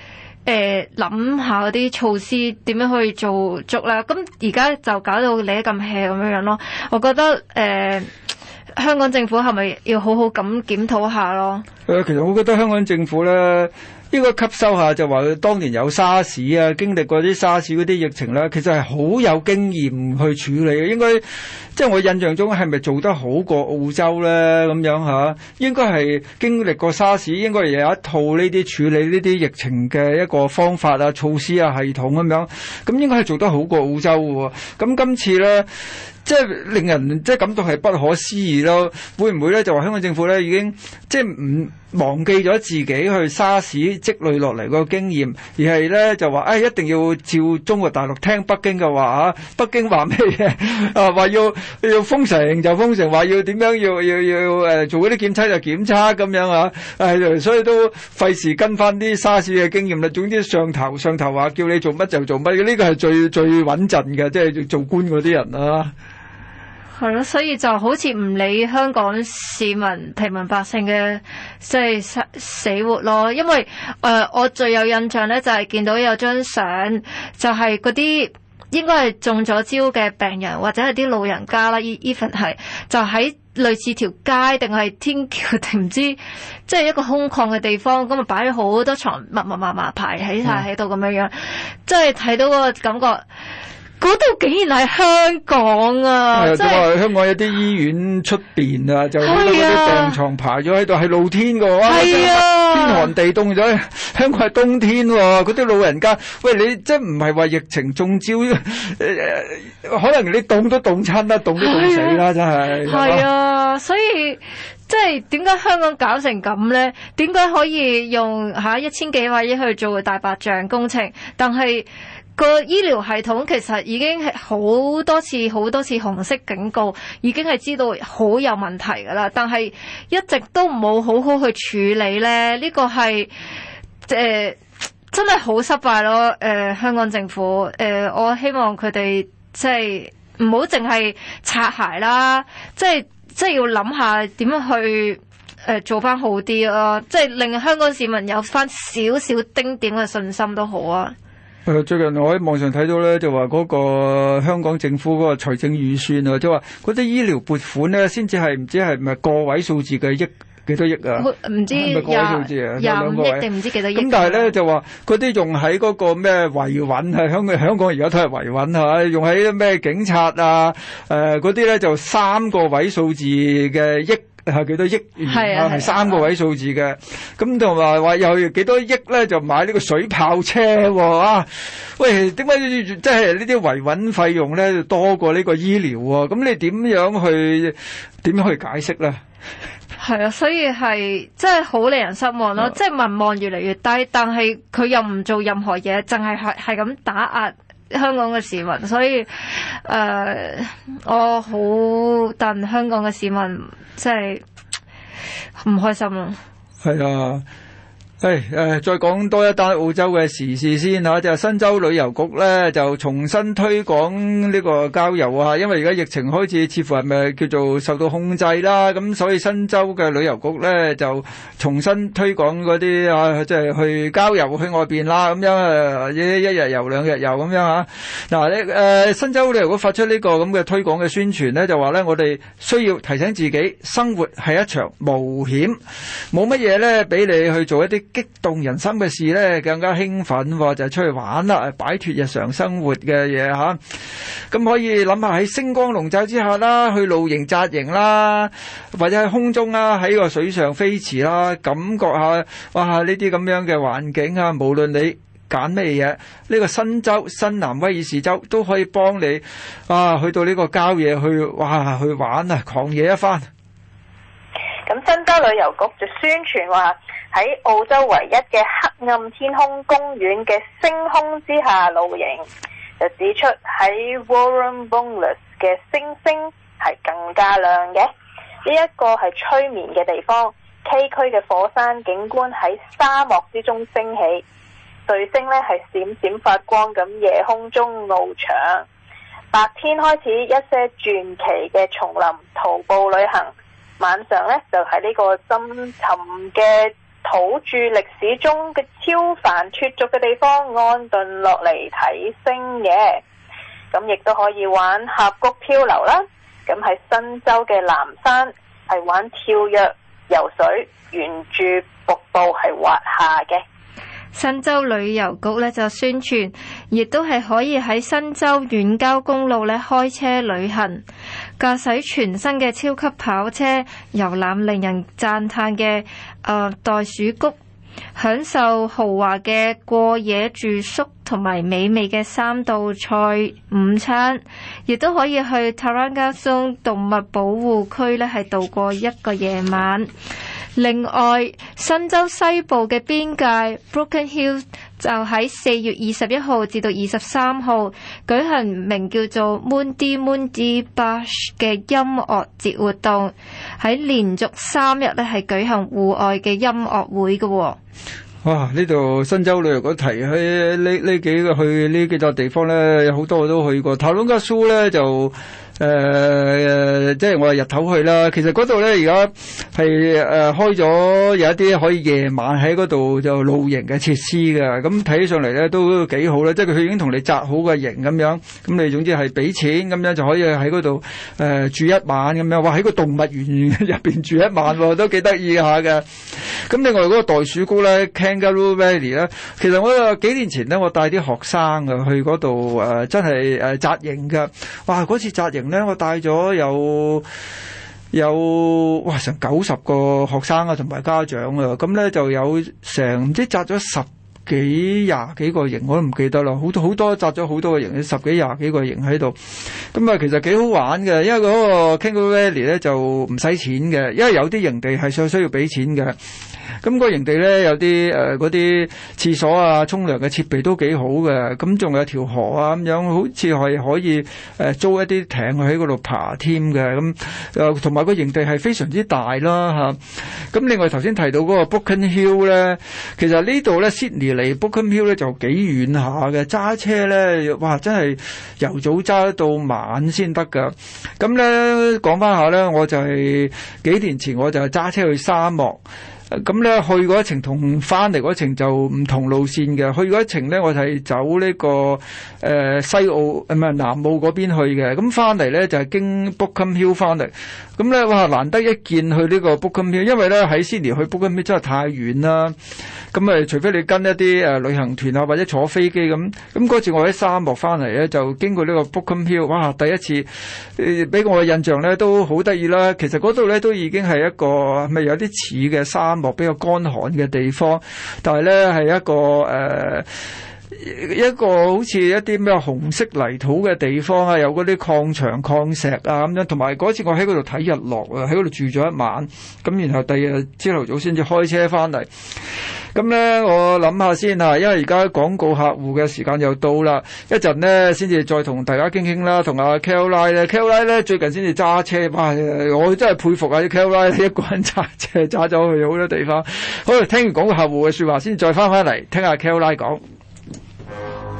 Speaker 2: 誒諗、嗯、下嗰啲措施點樣去做足啦，咁而家就搞到你咁吃 e 咁樣樣咯，我覺得誒、嗯、香港政府係咪要好好咁檢討下咯？
Speaker 1: 誒，其實我覺得香港政府咧。應該吸收下，就話佢當年有沙士啊，經歷過啲沙士嗰啲疫情咧，其實係好有經驗去處理嘅。應該即係、就是、我印象中係咪做得好過澳洲咧？咁樣嚇，應該係經歷過沙士，應該係有一套呢啲處理呢啲疫情嘅一個方法啊、措施啊、系統咁樣，咁應該係做得好過澳洲嘅喎。咁今次咧，即、就、係、是、令人即係、就是、感到係不可思議咯。會唔會咧？就話香港政府咧已經即係唔？就是忘記咗自己去沙士積累落嚟個經驗，而係咧就話、哎、一定要照中國大陸聽北京嘅話，北京話咩嘢啊？話要要封城就封城，話要點樣要要要、呃、做嗰啲檢測就檢測咁樣啊，啊！所以都費事跟翻啲沙士嘅經驗啦。總之上頭上頭話叫你做乜就做乜呢、呢個係最最穩陣嘅，即係做官嗰啲人啊。
Speaker 2: 係咯，所以就好似唔理香港市民平民百姓嘅即係死活咯。因為誒、呃，我最有印象咧就係、是、見到有張相，就係嗰啲應該係中咗招嘅病人，或者係啲老人家啦，even 係就喺類似條街定係天橋定唔 知，即、就、係、是、一個空曠嘅地方咁啊，擺咗好多床密密麻麻排喺曬喺度咁樣樣，即係睇到個感覺。嗰度竟然係香港啊！即係
Speaker 1: 香港有啲醫院出邊啊，就嗰啲病牀排咗喺度，係露天㗎喎，天寒地凍咗。香港係冬天喎，嗰啲老人家，喂你即係唔係話疫情中招？誒，可能你凍都凍親啦，凍都凍死啦，真係。係啊，
Speaker 2: 所以即係點解香港搞成咁咧？點解可以用嚇一千幾萬億去做大白象工程，但係，個醫療系統其實已經係好多次好多次紅色警告，已經係知道好有問題噶啦，但係一直都冇好好去處理咧，呢個係真係好失敗咯、呃。香港政府，呃、我希望佢哋即係唔好淨係擦鞋啦，即係即係要諗下點樣去、呃、做翻好啲咯、啊，即係令香港市民有翻少少丁點嘅信心都好啊。
Speaker 1: 誒，最近我喺網上睇到咧，就話嗰個香港政府嗰個財政預算啊，即係話嗰啲醫療撥款咧，先至係唔知係唔係個位數字嘅億幾多億啊？唔
Speaker 2: 知個位數字
Speaker 1: 啊，有兩位，定唔知
Speaker 2: 幾多億。咁但係
Speaker 1: 咧就話，嗰啲用喺嗰個咩維穩啊，香香港而家都係維穩吓，用喺咩警察啊？誒、呃，嗰啲咧就三個位數字嘅億。係幾、啊、多億元啊？係、啊啊、三個位數字嘅，咁同埋話又幾多億咧？就買呢個水炮車喎、啊 啊！喂，點解即係呢啲維穩費用咧多過呢個醫療啊？咁你點樣去點樣去解釋咧？
Speaker 2: 係啊，所以係真係好令人失望咯！即係、啊、民望越嚟越低，但係佢又唔做任何嘢，淨係係係咁打壓。香港嘅市民，所以誒、呃，我好戥香港嘅市民，即係唔開心啦。
Speaker 1: 係啊。誒，再講多一單澳洲嘅時事先吓，就係新州旅遊局咧，就重新推廣呢個郊遊啊，因為而家疫情開始似乎係咪叫做受到控制啦，咁所以新州嘅旅遊局咧，就重新推廣嗰啲啊，即係去郊遊去外邊啦，咁樣啊，或者一日遊、兩日遊咁樣吓。嗱，誒，新州旅遊局發出呢個咁嘅推廣嘅宣傳咧，就話咧我哋需要提醒自己，生活係一場冒險，冇乜嘢咧俾你去做一啲。激動人心嘅事呢，更加興奮就係、出去玩啦，擺脱日常生活嘅嘢吓。咁可以諗下喺星光籠罩之下啦，去露營紮營啦，或者喺空中啦，喺個水上飛馳啦，感覺下哇！呢啲咁樣嘅環境啊，無論你揀咩嘢，呢、這個新州、新南威爾士州都可以幫你啊，去到呢個郊野去哇去玩啊，狂野一番。
Speaker 3: 咁新州旅遊局就宣傳話。喺澳洲唯一嘅黑暗天空公園嘅星空之下露營，就指出喺 Warrumbungle 嘅星星係更加亮嘅。呢一個係催眠嘅地方，崎嶇嘅火山景觀喺沙漠之中升起，彗星，呢係閃閃發光咁夜空中翱翔。白天開始一些傳奇嘅叢林徒步旅行，晚上呢就喺呢個深沉嘅。土著歷史中嘅超凡脫俗嘅地方安頓落嚟睇星嘅，咁亦都可以玩峽谷漂流啦。咁喺新州嘅南山係玩跳躍、游水、沿住瀑布係滑下嘅。
Speaker 2: 新州旅遊局呢，就宣傳，亦都係可以喺新州遠郊公路呢，開車旅行，駕駛全新嘅超級跑車遊覽令人讚嘆嘅。Uh, 袋鼠谷，享受豪華嘅過夜住宿同埋美味嘅三道菜午餐，亦都可以去 Tarangasong 動物保護區呢係度過一個夜晚。另外，新州西部嘅邊界 Broken Hill。就喺四月二十一號至到二十三號舉行名叫做 Mundi Mundi Bash 嘅音樂節活動，喺連續三日咧係舉行戶外嘅音樂會嘅喎、
Speaker 1: 哦。哇！呢度新州旅遊局提起呢呢幾個去呢幾個地方咧，有好多我都去過。塔龍加蘇咧就～誒、呃、即係我日頭去啦，其實度咧而家係誒開咗有一啲可以夜晚喺度就露營嘅設施嘅，咁睇起上嚟咧都幾好啦，即係佢已經同你紮好個營咁樣，咁你總之係俾錢咁樣就可以喺度誒住一晚咁樣，哇，喺個動物園入邊住一晚、哦、都幾得意下嘅。咁另外嗰個袋鼠谷咧 Kangaroo Valley 咧，其實我幾年前咧我帶啲學生啊去度誒、呃、真係誒紮營嘅，哇嗰次紮營。我帶咗有有哇成九十個學生啊，同埋家長啊，咁咧就有成唔知紮咗十幾廿幾個營，我都唔記得啦。好多好多紮咗好多個營，十幾廿幾個營喺度，咁啊其實幾好玩嘅。因為嗰個 Kangaroo Valley 咧就唔使錢嘅，因為有啲營地係需需要俾錢嘅。咁個營地咧有啲嗰啲廁所啊、沖涼嘅設備都幾好嘅。咁仲有條河啊，咁樣好似係可以租一啲艇去喺嗰度爬添嘅。咁同埋個營地係非常之大啦咁、啊、另外頭先提到嗰個 Broken Hill 咧，其實呢度咧 Sydney 離 Broken Hill 咧就幾遠下嘅，揸車咧哇真係由早揸到晚先得㗎。咁咧講翻下咧，我就係、是、幾年前我就係揸車去沙漠。咁咧去嗰一程同翻嚟嗰程就唔同路線嘅。去嗰一程咧，我係走呢、這個誒、呃、西澳唔係南澳嗰去嘅。咁翻嚟咧就係、是、經 Broken Hill 翻嚟。咁咧哇，難得一見去呢個 Broken Hill 因為咧喺悉尼去 Broken Hill 真係太遠啦。咁啊除非你跟一啲誒旅行團啊，或者坐飛機咁。咁嗰次我喺沙漠翻嚟咧，就經過呢個 Broken Hill 哇，第一次誒俾、呃、我嘅印象咧都好得意啦。其實嗰度咧都已經係一個咪有啲似嘅沙漠。比較乾旱嘅地方，但係咧，係一個誒。呃一個好似一啲咩紅色泥土嘅地方啊，有嗰啲礦場、礦石啊咁樣，同埋嗰次我喺嗰度睇日落啊，喺嗰度住咗一晚咁，然後第二日朝頭早先至開車翻嚟咁咧。我諗下先啊，因為而家廣告客戶嘅時間又到啦，一陣呢，先至再同大家傾傾啦，同阿 Kelley 咧 Kelley 咧最近先至揸車哇，我真係佩服啊！啲 Kelley 一個人揸車揸咗去好多地方。好，聽完廣告客戶嘅説話先至再翻翻嚟聽下 Kelley 講。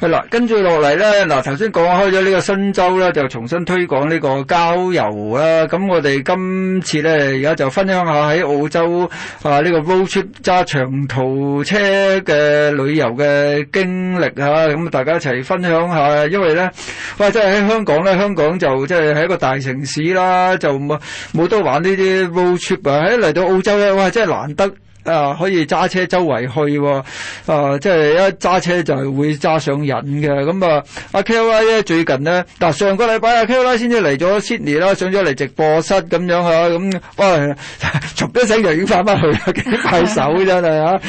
Speaker 1: 係啦，跟住落嚟咧，嗱頭先講開咗呢個新州咧，就重新推廣呢個郊遊啦。咁我哋今次咧而家就分享下喺澳洲啊呢個 road trip 揸長途車嘅旅遊嘅經歷啊！咁大家一齊分享下，因為咧哇真係喺香港咧，香港就即係喺一個大城市啦，就冇冇得玩呢啲 road trip 啊！喺嚟到澳洲咧，哇真係難得。啊，可以揸車周圍去喎，啊，即係一揸車就會揸上癮㗎。咁啊，阿、啊、Kelley 咧最近呢，嗱上個禮拜阿、啊、Kelley 先至嚟咗 Sydney 啦，上咗嚟直播室咁樣嚇，咁可能重啲聲又要翻返去啦，幾快手真係嚇。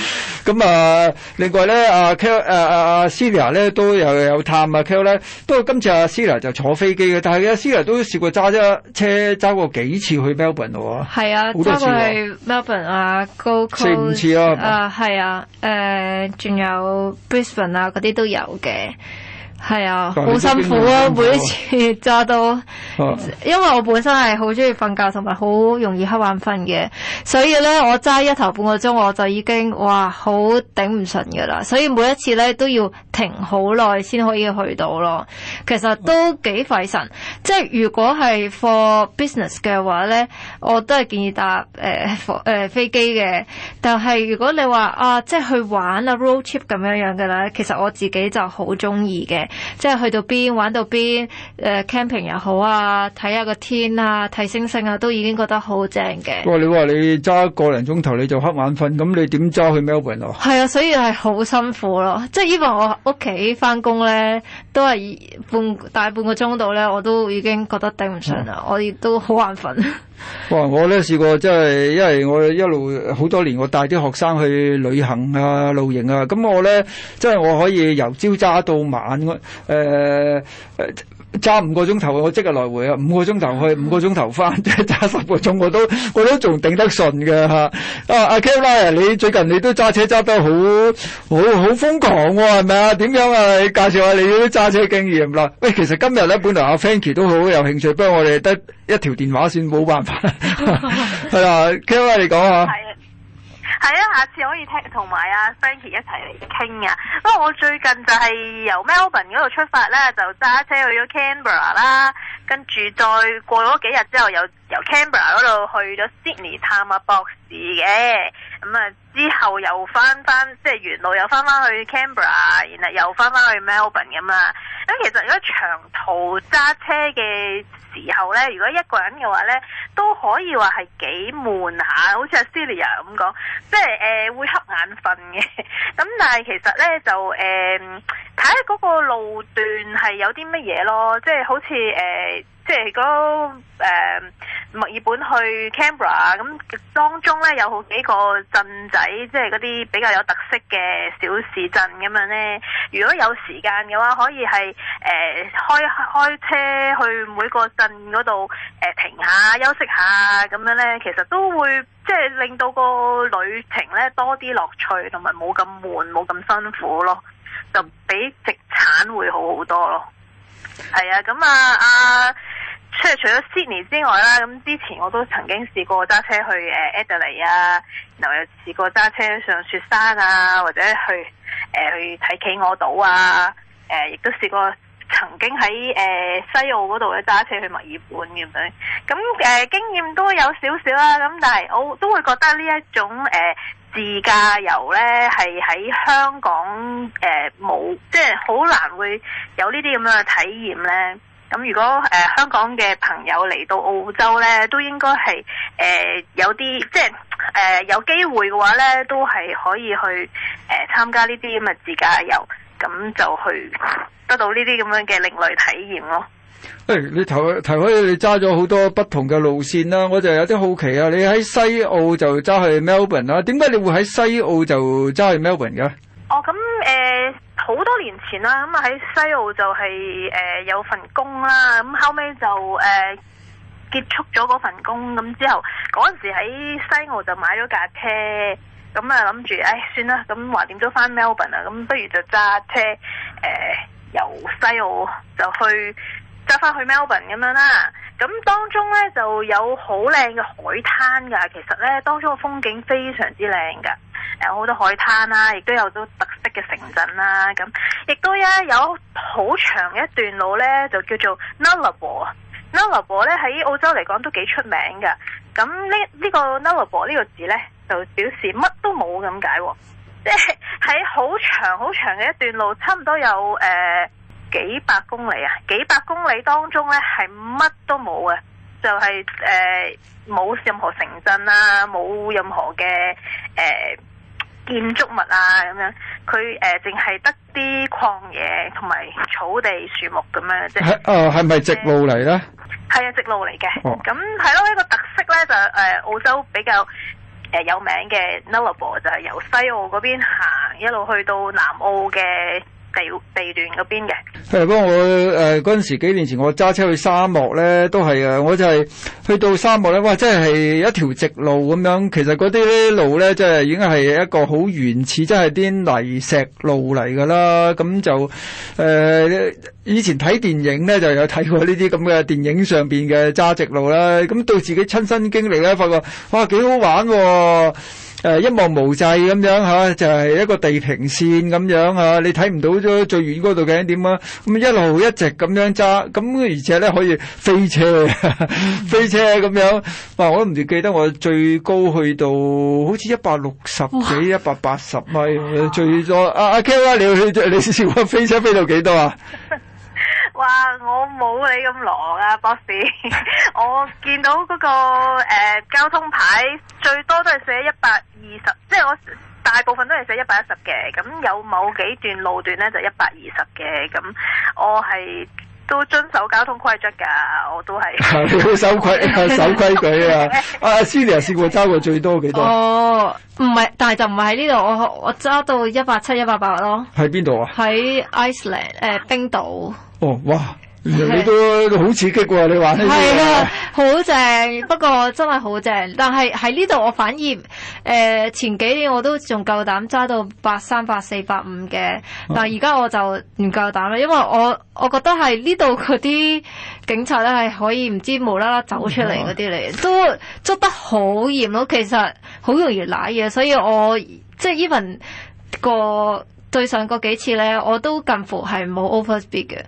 Speaker 1: 咁 啊，另外呢，阿 Kel，誒誒 Sylvia 呢，都有有探阿、啊、Kelley，不過今次阿、啊、Sylvia 就坐飛機嘅，但係阿、啊、Sylvia 都試過揸車揸過幾次去 Melbourne 喎。係啊，好多次喎、啊。
Speaker 2: Melbourne 啊，高。啊，係啊，誒、啊，仲、呃、有 Brisbane 啊，嗰啲都有嘅，係啊，好辛苦啊，每一次揸都、啊、都，因為我本身係好中意瞓覺同埋好容易黑眼瞓嘅，所以咧我揸一頭半個鐘我就已經哇好頂唔順㗎喇，所以每一次咧都要。停好耐先可以去到咯，其實都幾費神。的即係如果係 for business 嘅話咧，我都係建議搭飛、呃呃、機嘅。但係如果你話啊，即係去玩啊 road trip 咁樣樣嘅咧，其實我自己就好中意嘅，即係去到邊玩到邊、呃、camping 又好啊，睇下個天啊，睇星星啊，都已經覺得好正嘅。
Speaker 1: 哇、哦！你話你揸個零鐘頭你就瞌眼瞓，咁你點揸去 Melbourne 啊？
Speaker 2: 係啊，所以係好辛苦咯。即係 even 我。屋企翻工咧，都係半大半個鐘度咧，我都已經覺得頂唔順啦。啊、我亦都好眼瞓。
Speaker 1: 哇！我咧試過即係，因為我一路好多年，我帶啲學生去旅行啊、露營啊。咁我咧即係我可以由朝揸到晚。我、呃、誒、呃揸五個鐘頭，我即刻來回啊！五個鐘頭去，嗯、五個鐘頭返，即係揸十個鐘我都我都仲頂得順㗎。阿、啊啊、Kevin，你最近你都揸車揸得好好好瘋狂喎、哦，係咪啊？點樣啊？你介紹下你啲揸車經驗啦。喂，其實今日呢，本來阿、啊、f a n k y 都好有興趣，不過我哋得一條電話線，冇辦法。係 啊 ，Kevin，你講下。
Speaker 3: 係啊，下次可以聽同埋阿 Frankie 一齊嚟傾啊！不過我最近就係由 Melbourne 嗰度出發咧，就揸車去咗 Canberra 啦，跟住再過咗幾日之後，又由 Canberra 嗰度去咗 Sydney 探阿博士嘅咁啊！嗯之後又翻翻即係沿路又翻翻去 Canberra，然後又翻翻去 Melbourne 咁啦。咁其實如果長途揸車嘅時候咧，如果一個人嘅話咧，都可以話係幾悶下，好似 Alessia 咁講，即係誒、呃、會瞌眼瞓嘅。咁但係其實咧就誒睇下嗰個路段係有啲乜嘢咯，即係好似誒。呃即係嗰個墨、啊、爾本去 Canberra 咁，當中咧有好幾個鎮仔，即係嗰啲比較有特色嘅小市鎮咁樣咧。如果有時間嘅話，可以係誒、啊、開,開車去每個鎮嗰度誒停下休息下咁樣咧。其實都會即係、就是、令到個旅程咧多啲樂趣，同埋冇咁悶，冇咁辛苦咯，就比直產會好好多咯。係啊，咁啊啊！啊即係除咗 Sydney 之外啦，咁之前我都曾經試過揸車去誒 Adelaide 啊，然後又試過揸車上雪山啊，或者去誒、呃、去睇企鵝島啊，誒亦都試過曾經喺誒、呃、西澳嗰度咧揸車去墨爾本咁樣，咁、呃、誒經驗都有少少啦，咁但係我都會覺得呢一種誒、呃、自駕遊咧係喺香港誒冇，即係好難會有呢啲咁樣嘅體驗咧。咁如果誒香港嘅朋友嚟到澳洲咧，都應該係誒有啲即係誒有機會嘅話咧，都係可以去誒參加呢啲咁嘅自駕遊，咁就去得到呢啲咁樣嘅另類體驗咯。
Speaker 1: 誒，你頭頭開你揸咗好多不同嘅路線啦，我就有啲好奇啊！你喺西澳就揸去 Melbourne 啊？點解你會喺西澳就揸去 Melbourne 嘅？
Speaker 3: 哦，咁誒好多年前啦，咁啊喺西澳就係、是、誒、呃、有份工啦，咁、嗯、後尾就誒、呃、結束咗嗰份工，咁、嗯、之後嗰陣時喺西澳就買咗架車，咁啊諗住，唉，算啦，咁話點都翻 Melbourne 啊，咁、嗯、不如就揸車誒、呃、由西澳就去。搭翻去 Melbourne 咁樣啦，咁當中呢，就有好靚嘅海灘噶，其實呢，當中嘅風景非常之靚噶，有好多海灘啦、啊，亦都有好多特色嘅城鎮啦、啊，咁亦都咧有好長嘅一段路呢，就叫做 Nullabor。Nullabor 呢喺澳洲嚟講都幾出名噶，咁呢呢個 Nullabor 呢個字呢，就表示乜都冇咁解，即係喺好長好長嘅一段路，差唔多有誒。呃幾百公里啊！幾百公里當中呢，係乜都冇嘅，就係誒冇任何城鎮啦、啊，冇任何嘅、呃、建築物啊咁樣。佢誒淨係得啲曠野同埋草地、樹木咁樣嘅啫。
Speaker 1: 係咪直路嚟呢？
Speaker 3: 係啊，是直路嚟嘅。咁係咯，一、啊這個特色呢，就誒、呃、澳洲比較有名嘅 Nullarbor 就係由西澳嗰邊行一路去到南澳嘅。
Speaker 1: 地地段嗰邊嘅，係啊！我誒嗰陣時，幾年前我揸車去沙漠咧，都係啊！我就係、是、去到沙漠咧，哇！真係一條直路咁樣，其實嗰啲路咧，即係已經係一個好原始，即係啲泥石路嚟噶啦。咁就誒、呃，以前睇電影咧就有睇過呢啲咁嘅電影上邊嘅揸直路啦。咁到自己親身經歷咧，發覺哇，幾好玩喎、哦！」誒、呃，一望無際咁樣、啊、就係、是、一個地平線咁樣、啊、你睇唔到咗最遠嗰度嘅點啊？咁一路一直咁樣揸，咁、啊、而且咧可以飛車，飛車咁樣。哇、啊！我都唔知記得我最高去到好似一百六十幾、一百八十米最多，阿阿 K 你你你試過飛車飛到幾多啊？
Speaker 3: 哇！我冇你咁狼啊，博士。 我見到嗰、那個、uh, 交通牌最多都係寫一百二十，即係我大部分都係寫一百一十嘅。咁有某幾段路段呢，就一百二十嘅。咁我係。都遵守交通規則噶，我都係守規守
Speaker 1: 規矩啊！阿 Celia 試過揸過最多幾多？
Speaker 3: 哦，唔係，但係就唔係
Speaker 2: 喺呢度，我我揸到一百七、一百八咯。
Speaker 1: 喺邊度啊？
Speaker 2: 喺 Iceland，誒，冰島。
Speaker 1: 哦，哇！原來你都好刺激喎！你話係、呢個、啊，
Speaker 2: 好正， 不過真係好正。但係喺呢度我反而、呃、前幾年我都仲夠膽揸到八三八四八五嘅，但係而家我就唔夠膽啦，因為我我覺得係呢度嗰啲警察咧係可以唔知無啦啦走出嚟嗰啲嚟，啊、都捉得好嚴咯。其實好容易賴嘢，所以我即係 even 個。對上過幾次咧，我都近乎係冇 overspeed 嘅，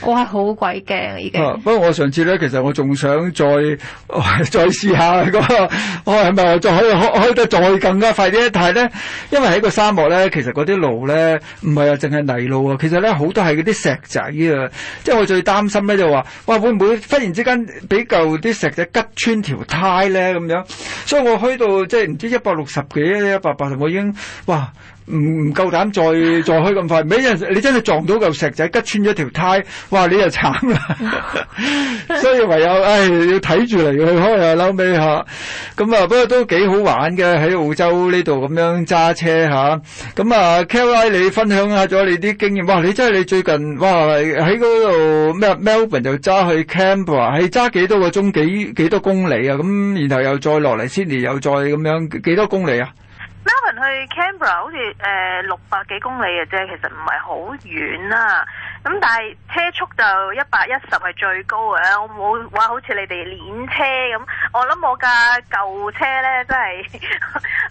Speaker 2: 我係好鬼驚已經、啊。
Speaker 1: 不過我上次咧，其實我仲想再、哦、再試下嗰、嗰個，我係咪我可以開開得再更加快啲。」但係咧，因為喺個沙漠咧，其實嗰啲路咧唔係啊，淨係泥路啊，其實咧好多係嗰啲石仔啊，即係我最擔心咧就話，哇會唔會忽然之間俾嚿啲石仔吉穿條胎咧咁樣？所以我開到即係唔知一百六十幾一百八十，我已經哇！唔唔夠膽再再開咁快，俾人你真係撞到嚿石仔，吉穿咗條胎，哇！你就慘啦， 所以唯有唉要睇住嚟去開啊，嬲尾吓咁啊，不過都幾好玩嘅，喺澳洲呢度咁樣揸車吓，咁啊 Kelley 你分享下咗你啲經驗，哇！你真係你最近哇喺嗰度咩 Melbourne 就揸去 Canberra，係揸幾多個鐘幾幾多公里啊？咁然後又再落嚟 Sydney 又再咁樣幾多公里啊？
Speaker 3: 孭人去 c a 堪培拉好似誒六百幾公里嘅啫，其實唔係好遠啦。咁、嗯、但係車速就一百一十係最高嘅，我冇話好似你哋練車咁、嗯。我諗我架舊車咧，真係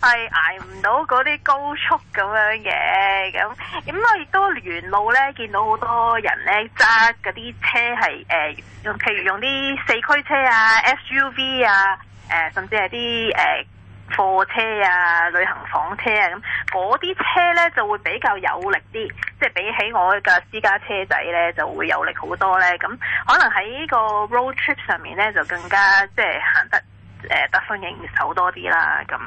Speaker 3: 係捱唔到嗰啲高速咁樣嘅。咁咁我亦都沿路咧見到好多人咧揸嗰啲車係誒用，譬、呃、如用啲四驅車啊、SUV 啊，誒、呃、甚至係啲誒。呃貨車啊，旅行房車啊，咁嗰啲車呢就會比較有力啲，即係比起我嘅私家車仔呢就會有力好多呢。咁可能喺呢個 road trip 上面呢，就更加即係行得誒、呃、得心應手多啲啦。咁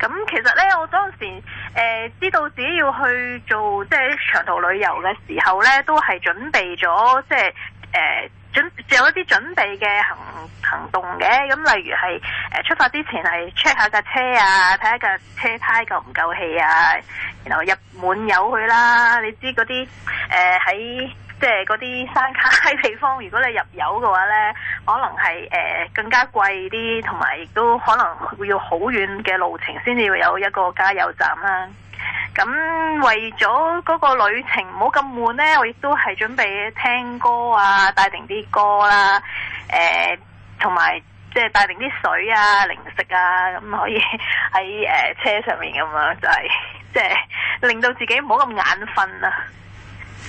Speaker 3: 咁其實呢，我當時誒、呃、知道自己要去做即係長途旅遊嘅時候呢，都係準備咗即係誒。呃準有一啲準備嘅行行動嘅，咁例如係誒、呃、出發之前係 check 下架車啊，睇下架車胎夠唔夠氣啊，然後入滿油去啦。你知嗰啲誒喺即係嗰啲山卡地方，如果你入油嘅話呢，可能係誒、呃、更加貴啲，同埋亦都可能會要好遠嘅路程先至會有一個加油站啦。咁為咗嗰個旅程唔好咁悶呢，我亦都係準備聽歌啊，帶定啲歌啦、啊，誒、呃，同埋即係帶定啲水啊、零食啊，咁可以喺誒、呃、車上面咁樣，就係即係令到自己唔好咁眼瞓啊。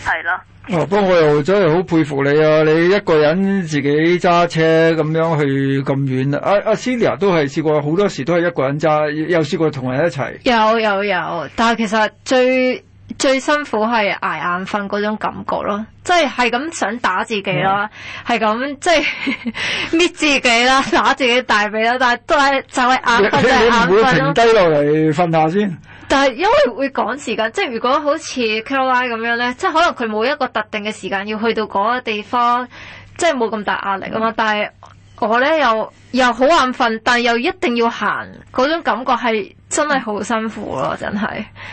Speaker 1: 係咯，哦，不、嗯、過、啊、我又真係好佩服你啊！你一個人自己揸車咁樣去咁遠啊！阿、啊、阿 Celia 都係試過，好多時都係一個人揸，有試過同人一齊。
Speaker 2: 有有有，但係其實最最辛苦係捱眼瞓嗰種感覺咯，即係係咁想打自己咯，係咁即係搣自己啦，打自己大髀啦，但係都係就係眼瞓就眼瞓咯。你唔會停低
Speaker 1: 落嚟瞓下先？
Speaker 2: 但係因為會趕時間，即係如果好似 Kilo Eye 咁樣呢，即係可能佢冇一個特定嘅時間要去到嗰個地方，即係冇咁大壓力吖嘛。但係我呢，又又好眼瞓，但係又一定要行，嗰種感覺係。真係好辛苦咯，真係。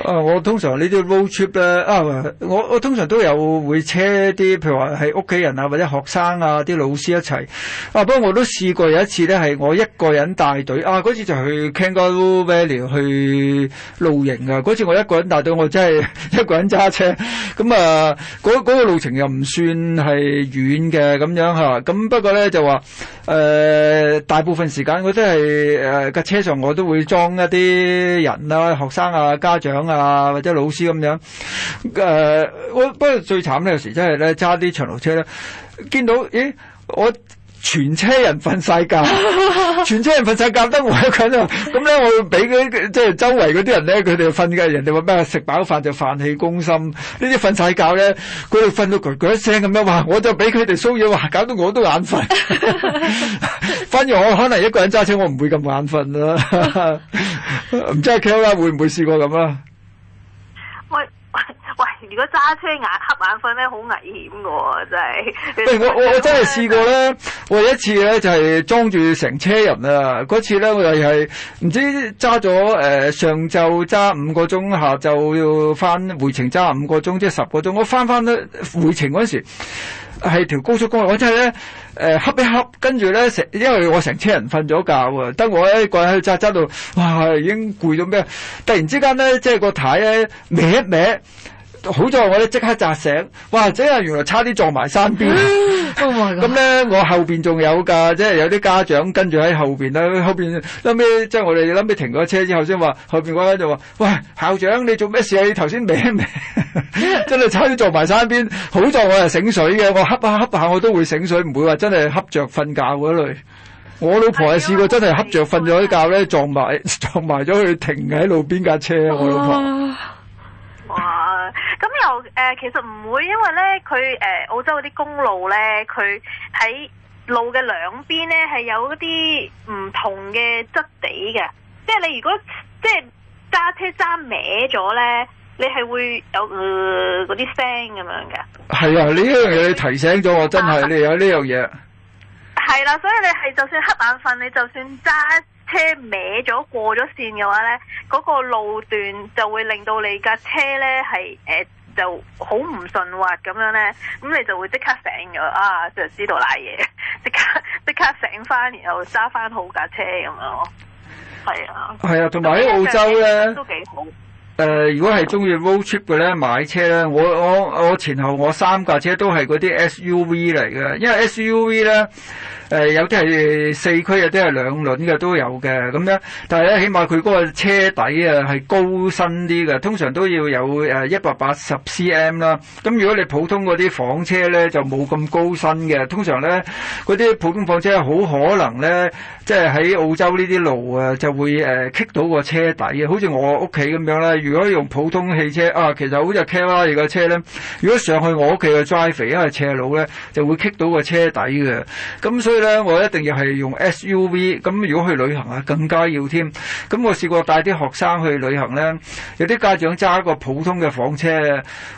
Speaker 1: 啊，我通常呢啲 road trip 咧，啊，我我通常都有會車啲，譬如話係屋企人啊，或者學生啊，啲老師一齊。啊，不過我都試過有一次咧，係我一個人帶隊。啊，嗰次就去 Kangaroo Valley 去露營啊。嗰次我一個人帶隊，我真係一個人揸車。咁啊，嗰、嗰個嗰個路程又唔算係遠嘅，咁樣吓。咁不過咧就話，呃大部分時間我都係誒架車上，我都會裝一啲人啊、學生啊、家長啊或者老師咁樣。誒、呃，我不過最慘咧、就是，有時真係咧揸啲長途車咧，見到咦我。全車人瞓晒覺， 全車人瞓晒覺，得我一個人咁咧，我會俾佢，即係周圍嗰啲人咧，佢哋瞓嘅人哋話咩食飽飯就飯氣攻心，這些呢啲瞓晒覺咧，佢哋瞓到佢一聲咁樣，哇！我就俾佢哋騷擾，哇！搞到我都眼瞓，反而我可能一個人揸車，我唔會咁眼瞓啦，唔 知阿 Kel 會唔會試過咁啊？
Speaker 3: 如果揸車眼黑眼瞓咧，好危險嘅
Speaker 1: 喎，真係。我我我真係試過咧，我有一次咧就係裝住成車人啊！嗰次咧我又係唔知揸咗，呃，上晝揸五個鐘，下晝要翻回程揸五個鐘，即係十個鐘。我翻翻咧回程嗰時係條高速公路，我真係咧誒瞌一瞌，跟住咧成因為我成車人瞓咗覺啊，得我一個人喺度揸揸到哇已經攰到咩？突然之間咧即係個太咧歪一歪。歪一歪。好在我哋即刻扎醒，哇！真係原來差啲撞埋山邊，咁咧、oh、我後面仲有噶，即係有啲家長跟住喺後面。啦。後面，後尾即係我哋諗起停咗車之後先話，後面嗰間就話，喂，校長你做咩事啊？你頭先歪咩？ 真係差啲撞埋山邊。 好在我係醒水嘅，我瞌下瞌下我都會醒水，唔會話真係恰著瞓覺嗰類。我老婆係試過真係恰著瞓咗一覺咧， 撞埋撞埋咗佢停喺路邊架車。我老婆。
Speaker 3: Oh. 咁又、嗯呃、其實唔會，因為咧，佢誒、呃、澳洲嗰啲公路咧，佢喺路嘅兩邊咧係有嗰啲唔同嘅質地嘅，即係你如果即係揸車揸歪咗咧，你係會有嗰、呃、啲聲咁樣嘅。
Speaker 4: 係啊，呢樣
Speaker 1: 嘢你提醒咗我真，真係你有呢樣嘢。
Speaker 3: 係啦，所以你係就算黑眼瞓，你就算揸車歪咗過咗線嘅話呢，嗰個路段就會令到你架車呢係誒就好唔順滑咁樣呢，咁你就會即刻醒咗啊！就知道瀨嘢，即刻即刻醒翻，然後揸翻好架車咁樣咯。係啊，係啊，同埋喺澳洲呢，都幾好，
Speaker 1: 誒，如果係中意 road trip 嘅呢，買車呢，我我我前後我三架車都係嗰啲 SUV 嚟嘅，因為 SUV 呢。誒有啲係四驅，有啲係兩輪嘅都有嘅咁樣。但係咧，起碼佢嗰個車底啊係高身啲嘅，通常都要有誒一百八十 cm 啦。咁如果你普通嗰啲房車咧，就冇咁高身嘅。通常咧，嗰啲普通房車好可能咧，即係喺澳洲呢啲路啊，就會誒棘到個車底啊。好似我屋企咁樣啦。如果用普通汽車啊，其實好似 Tesla 車咧，如果上去我屋企嘅 drive，因為斜路咧，就會棘到個車底嘅。咁所以。呢，我一定要係用 SUV，咁如果去旅行啊，更加要添。咁我試過帶啲學生去旅行呢，有啲家長揸個普通嘅房車，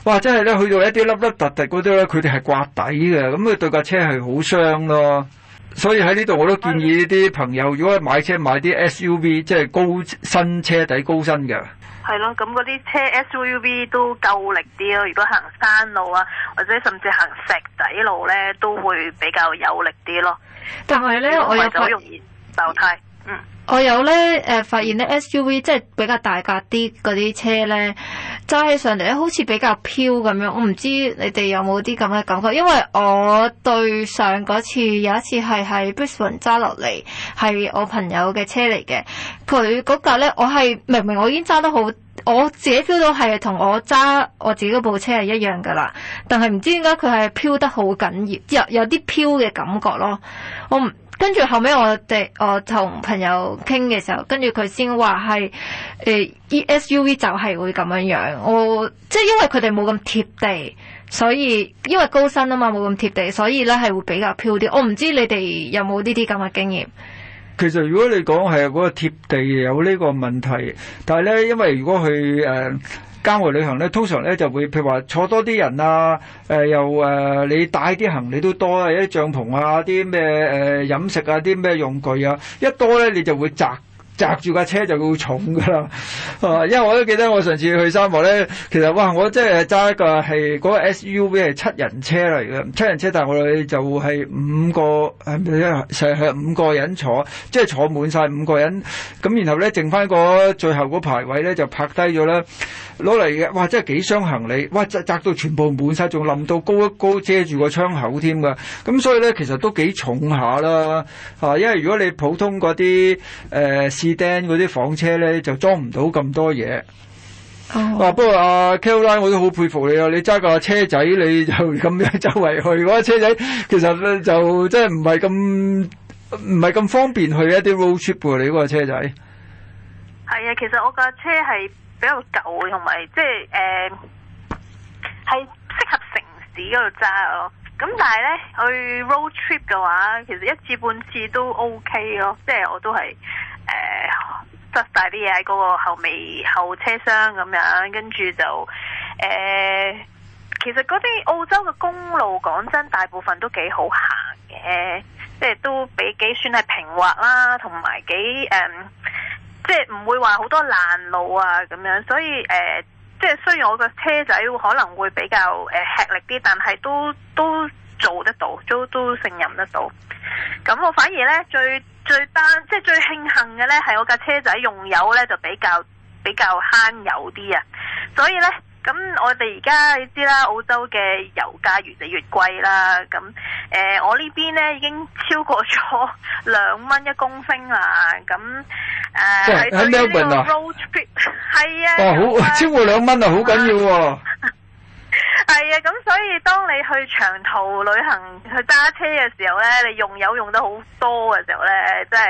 Speaker 1: 哇！真係呢，去到一啲凹凹凸凸嗰啲呢，佢哋係刮底嘅，咁佢對架車係好傷咯。所以喺呢度我都建議啲朋友，如果買車買啲 SUV，即係高身車底高身嘅。
Speaker 3: 係咯，咁嗰啲車 SUV 都夠力啲咯，如果行山路啊，或者甚至行石仔路咧，都會比較有力啲咯。但係咧，我好容易爆胎。
Speaker 2: 嗯，我有咧，誒、呃，發現咧 SUV 即係比較大架啲嗰啲車咧。揸起上嚟咧，好似比較飄咁樣。我唔知你哋有冇啲咁嘅感覺，因為我對上嗰次有一次係喺 Brisbane 揸落嚟，係我朋友嘅車嚟嘅。佢嗰架咧，我係明明我已經揸得好，我自己 feel 到係同我揸我自己嗰部車係一樣噶啦。但係唔知點解佢係飄得好緊要，有有啲飄嘅感覺咯。我唔。跟住後尾我哋我同朋友傾嘅時候，跟住佢先話係 E、呃、S U V 就係會咁樣樣，我即係因為佢哋冇咁貼地，所以因為高身啊嘛冇咁貼地，所以咧係會比較漂啲。我唔知你哋有冇呢啲咁嘅經驗？
Speaker 1: 其實如果你講係嗰個貼地有呢個問題，但係咧因為如果佢。Uh 郊外旅行咧，通常咧就會譬如話坐多啲人啊，誒、呃、又誒、呃、你帶啲行李都多啊，一啲帳篷啊，啲咩誒飲食啊，啲咩用具啊，一多咧你就會窄擸住架車就會重㗎啦，啊，因為我都記得我上次去沙漠咧，其實哇，我真係揸一個係嗰個 SUV 係七人車嚟嘅，七人車但係我哋就係五個，係咪咧？係五個人坐，即係坐滿晒五個人，咁然後咧剩翻個最後嗰排位咧就拍低咗啦，攞嚟嘅哇，真係幾箱行李，哇！擸到全部滿晒，仲冧到高一高遮住個窗口添㗎，咁所以咧其實都幾重下啦，啊，因為如果你普通嗰啲誒。呃啲啲房車咧就裝唔到咁多嘢。
Speaker 2: 哦，哇！
Speaker 1: 不過阿 Caroline 我都好佩服你啊！你揸架車仔你就咁樣周圍去，嗰、那、架、個、車仔其實就真係唔係咁唔係咁方便去一啲 road trip 喎。你、那、嗰個車仔
Speaker 3: 係啊，其實我架車係比較舊，同埋即係誒，係、uh, 適合城市嗰度揸咯。咁但係咧去 road trip 嘅話，其實一次半次都 OK 咯，即、就、係、是、我都係。誒，塞大啲嘢喺嗰個後尾後車廂咁樣，跟住就誒、呃，其實嗰啲澳洲嘅公路，講真，大部分都幾好行嘅、呃，即係都比幾算係平滑啦，同埋幾誒、呃，即係唔會話好多爛路啊咁樣，所以誒、呃，即係雖然我個車仔可能會比較誒吃力啲，但係都都做得到，都都勝任得到。咁我反而咧最。最單即係最慶幸嘅咧，係我架車仔用油咧就比較比較慳油啲啊，所以咧咁我哋而家你知啦，澳洲嘅油價越嚟越貴啦，咁誒、呃、我呢邊咧已經超過咗兩蚊一公升啦，咁誒喺 Melbourne 啊，係啊，哦、好
Speaker 1: 超過兩蚊啊，好緊要喎、啊。
Speaker 3: 係啊，咁所以當你去長途旅行去揸車嘅時候咧，你用油用得好多嘅時候咧，真係，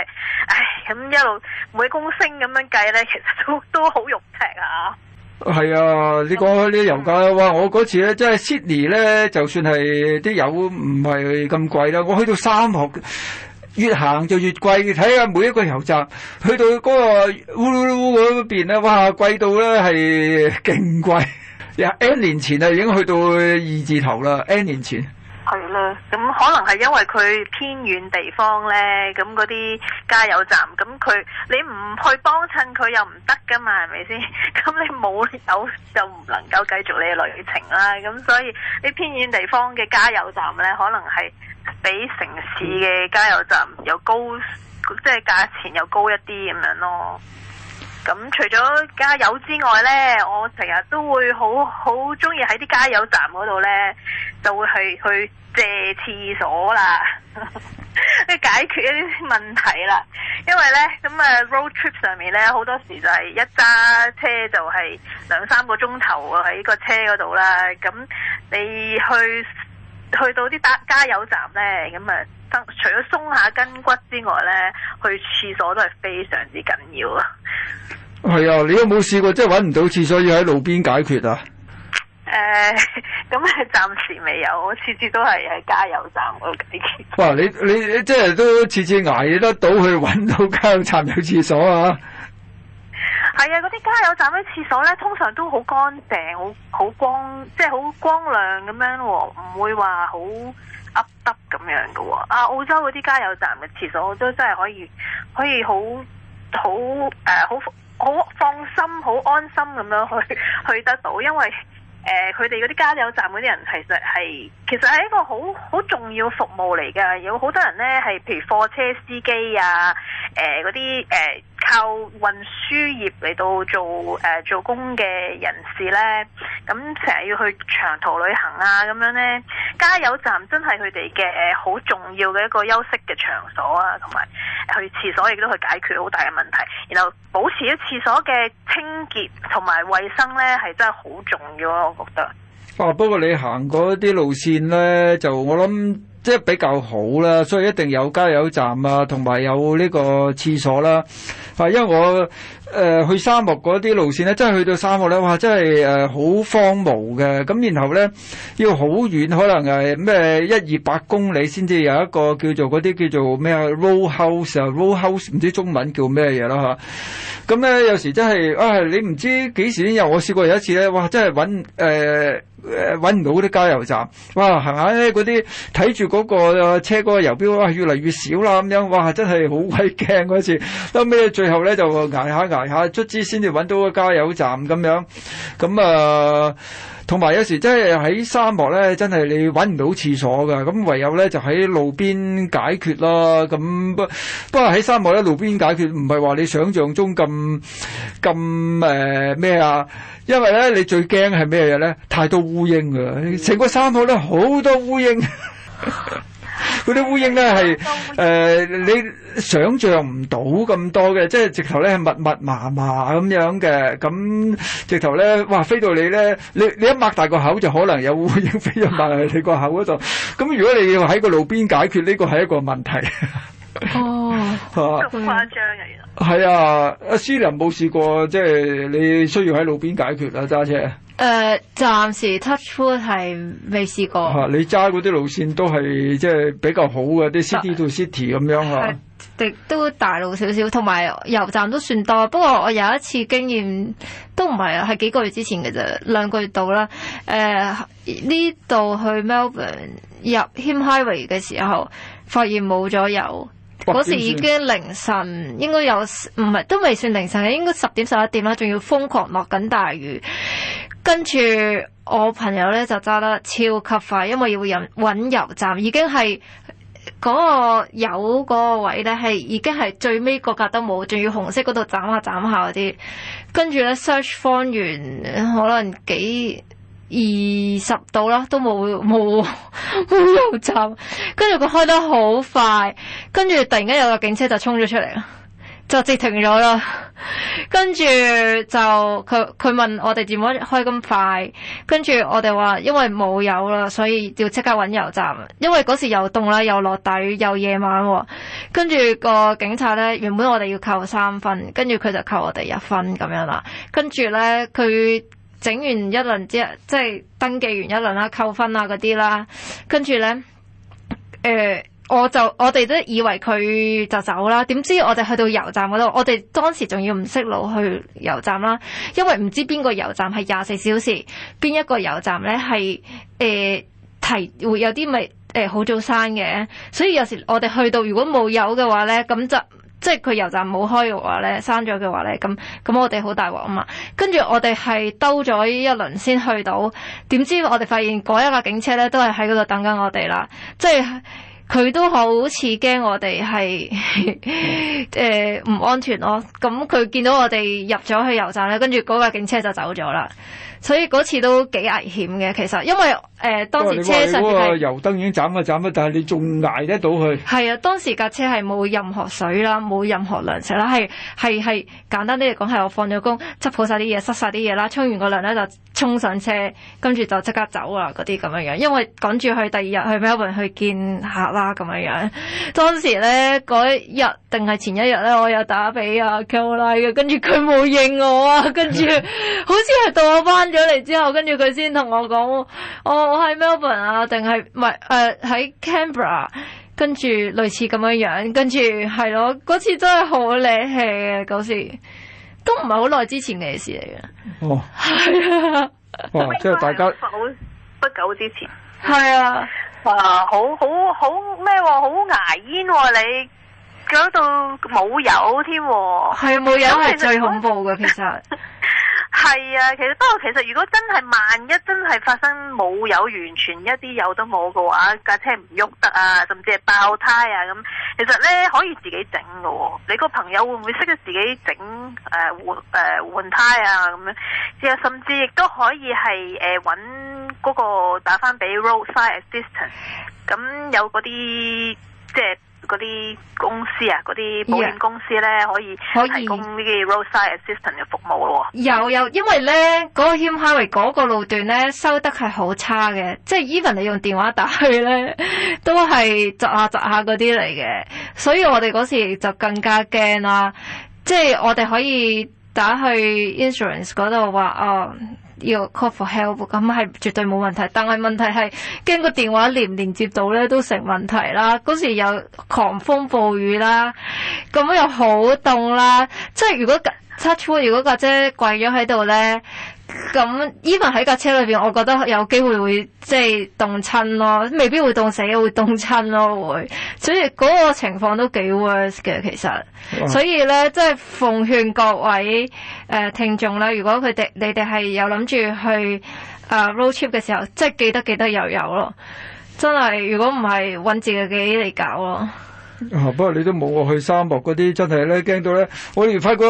Speaker 3: 唉，咁一路每公升咁樣計咧，其實都都好肉赤啊。
Speaker 1: 係啊，你講呢啲油價哇，我嗰次咧，即係 Sydney 咧，就算係啲油唔係咁貴啦，我去到三學越行就越貴，你睇下每一個油站，去到嗰個烏魯魯嗰邊咧，哇，貴到咧係勁貴。N 年前啊，已經去到二字頭啦。N 年前
Speaker 3: 係啦，咁可能係因為佢偏遠地方呢，咁嗰啲加油站，咁佢你唔去幫襯佢又唔得噶嘛，係咪先？咁你冇油就唔能夠繼續你嘅旅程啦。咁所以你偏遠地方嘅加油站呢，可能係比城市嘅加油站又高，即係價錢又高一啲咁樣咯。咁除咗加油之外呢，我成日都會好好鍾意喺啲加油站嗰度呢，就會去去借廁所啦，去解決一啲問題啦。因為呢，咁啊，road trip 上面呢，好多時就係一揸車就係兩三個鐘頭喺個車嗰度啦。咁你去去到啲加加油站呢，咁啊～除咗鬆下筋骨之外咧，去廁所都係非常之緊要
Speaker 1: 啊！係啊，哎，你有冇試過即係揾唔到廁所要喺路邊解決啊？誒、
Speaker 3: 呃，咁啊，暫時未有，我次次都係喺加油站度解決。哇！你
Speaker 1: 你你即係都次次捱得到去揾到加油站有廁所啊？
Speaker 3: 係啊，哎，嗰啲加油站啲廁所咧，通常都好乾淨，好好光，即係好光亮咁樣喎，唔會話好。噏噏咁樣嘅喎，啊，澳洲嗰啲加油站嘅廁所都真係可以，可以好好，誒好好放心好安心咁樣去，去得到，因為誒佢哋嗰啲加油站嗰啲人其實係，其實係一個好好重要服務嚟嘅，有好多人咧係譬如貨車司機啊，誒嗰啲誒。呃靠運輸業嚟到做、呃、做工嘅人士呢，咁成日要去長途旅行啊，咁樣呢，加油站真係佢哋嘅誒好重要嘅一個休息嘅場所啊，同埋去廁所亦都去解決好大嘅問題。然後保持咗廁所嘅清潔同埋衛生呢，係真係好重要咯、啊，我覺得。
Speaker 1: 啊、不過你行嗰啲路線呢，就我諗。即係比較好啦，所以一定有加油站啊，同埋有呢個廁所啦。啊，因為我。誒、呃、去沙漠嗰啲路線咧，真係去到沙漠咧，哇！真係誒好荒蕪嘅，咁然後咧要好遠，可能係咩一二百公里先至有一個叫做嗰啲叫做咩 roadhouse 啊，roadhouse 唔知中文叫咩嘢啦吓，咁咧有時真係啊，你唔知幾時先有。我試過有一次咧，哇！真係揾誒誒揾唔到啲加油站，哇！行下咧嗰啲睇住嗰個車嗰個油標哇！越嚟越少啦咁樣哇！真係好鬼驚嗰次。後尾最後咧就挨下捱。埋下卒之先至揾到個加油站咁樣，咁啊，同埋有時真係喺沙漠咧，真係你揾唔到廁所噶，咁唯有咧就喺路邊解決啦。咁不不過喺沙漠咧，路邊解決唔係話你想像中咁咁誒咩啊？因為咧你最驚係咩嘢咧？太多烏蠅㗎，成個沙漠咧好多烏蠅。嗰啲烏蠅咧係誒，你想象唔到咁多嘅，即係直頭咧係密密麻麻咁樣嘅，咁直頭咧，哇飛到你咧，你你一擘大個口就可能有烏蠅飛入埋你個口嗰度，咁如果你要喺個路邊解決呢個係一個問題，哦，
Speaker 2: 係嘛？好
Speaker 1: 誇張嘅，係啊，阿 C 琳冇試過？即係你需要喺路邊解決啦，揸車。
Speaker 2: 誒、呃，暫時 Touch Wood 係未試過。啊、
Speaker 1: 你揸嗰啲路線都係即係比較好嘅，啲 City to City 咁樣啊，亦、呃
Speaker 2: 呃、都大路少少，同埋油站都算多。不過我有一次經驗都唔係啊，係幾個月之前嘅啫，兩個月到啦。誒、呃，呢度去 Melbourne 入 Hume Highway 嘅時候，發現冇咗油。嗰、呃、時已經凌晨，算應該有唔係都未算凌晨嘅，應該十點十一點啦，仲要瘋狂落緊大雨。跟住我朋友咧就揸得超級快，因為要引搵油站，已經係嗰、嗰個油嗰個位咧係已經係最尾個格都冇，仲要紅色嗰度斬下斬下嗰啲。跟住咧 search 方圓可能幾二十度啦，都冇冇冇油站。跟住佢開得好快，跟住突然間有個警車就衝咗出嚟。就截停咗啦，跟住就佢佢問我哋點樣開咁快，跟住我哋話因為冇油啦，所以要即刻搵油站。因為嗰時又凍啦，又落大雨，又夜晚，跟住個警察呢，原本我哋要扣三分，跟住佢就扣我哋一分咁樣啦。跟住呢，佢整完一輪之後即係、就是、登記完一輪啦，扣分啊嗰啲啦，跟住呢，誒、呃。我就我哋都以為佢就走啦，點知我哋去到油站嗰度，我哋當時仲要唔識路去油站啦，因為唔知邊個油站係廿四小時，邊一個油站呢係誒、呃、提會有啲咪好早閂嘅，所以有時我哋去到如果冇油嘅話呢，咁就即係佢油站冇開嘅話呢，閂咗嘅話呢，咁咁我哋好大鑊啊嘛。跟住我哋係兜咗一輪先去到，點知我哋發現嗰一架警車呢都係喺嗰度等緊我哋啦，即係。佢都好似驚我哋係誒唔安全咯，咁佢見到我哋入咗去油站咧，跟住嗰架警車就走咗啦，所以嗰次都幾危險嘅。其實因為誒、呃、當時車上嘅
Speaker 1: 油燈已經斬咗，斬一，但係你仲捱得到佢？
Speaker 2: 係啊，當時架車係冇任何水啦，冇任何糧食啦，係係係簡單啲嚟講係我放咗工，執好晒啲嘢，塞晒啲嘢啦，沖完個涼咧就衝上車，跟住就即刻走啦嗰啲咁樣樣，因為趕住去第二日去去見客。咁樣樣，當時咧嗰一日定係前一日咧，我有打俾阿 Kola 嘅，跟住佢冇應我啊，跟住好似係到我翻咗嚟之後，跟住佢先同我講，哦，我我喺 Melbourne 啊，定係唔係、呃、誒喺 Canberra，跟住類似咁樣樣，跟住係咯，嗰次真係好冷氣啊。嗰時都唔係好耐之前嘅事嚟嘅，哦，是啊、哦，係啊，
Speaker 1: 哇，即係大家
Speaker 3: 不久之前，係啊。啊，好好好咩？好牙煙、啊、你，嗰度冇油添，係冇油係最
Speaker 2: 恐怖嘅，其實
Speaker 3: 係啊，實 啊。其實不過，其實如果真係萬一真係發生冇油，完全一啲油都冇嘅話，架、啊、車唔喐得啊，甚至係爆胎啊咁。其實咧可以自己整喎、啊。你個朋友會唔會識得自己整誒換誒換胎啊？咁樣，之後甚至亦都可以係誒搵。呃找嗰個打返俾 roadside assistant，咁有嗰啲即係嗰啲公司啊，嗰啲保險公司咧 Yeah, 可以提供呢啲 roadside assistant 嘅服務咯喎、
Speaker 2: 哦。有有，因為咧嗰，那個 Hume Highway 嗰個路段咧收得係好差嘅，即係 even 你用電話打去咧都係窒下窒下嗰啲嚟嘅，所以我哋嗰時就更加驚啦。即係我哋可以打去 insurance 嗰度話，哦要 call for help 咁係絕對冇問題，但係問題係經過電話連唔連接到咧都成問題啦。嗰時又狂風暴雨啦，咁又好凍啦，即係如果 touch wood 如果家姐，姐跪咗喺度咧。咁 even 喺架車裏面，我覺得有機會會即係凍親咯，未必會凍死，會凍親咯，會。所以嗰個情況都幾 worse 嘅其實。啊、所以咧，即、就、係、是、奉勸各位誒、呃、聽眾咧，如果佢哋你哋係有諗住去誒 road trip 嘅時候，即、就、係、是、記得記得又有咯。真係如果唔係搵自己幾嚟搞咯、
Speaker 1: 啊。不過你都冇去沙漠嗰啲，真係咧驚到咧，我哋發覺。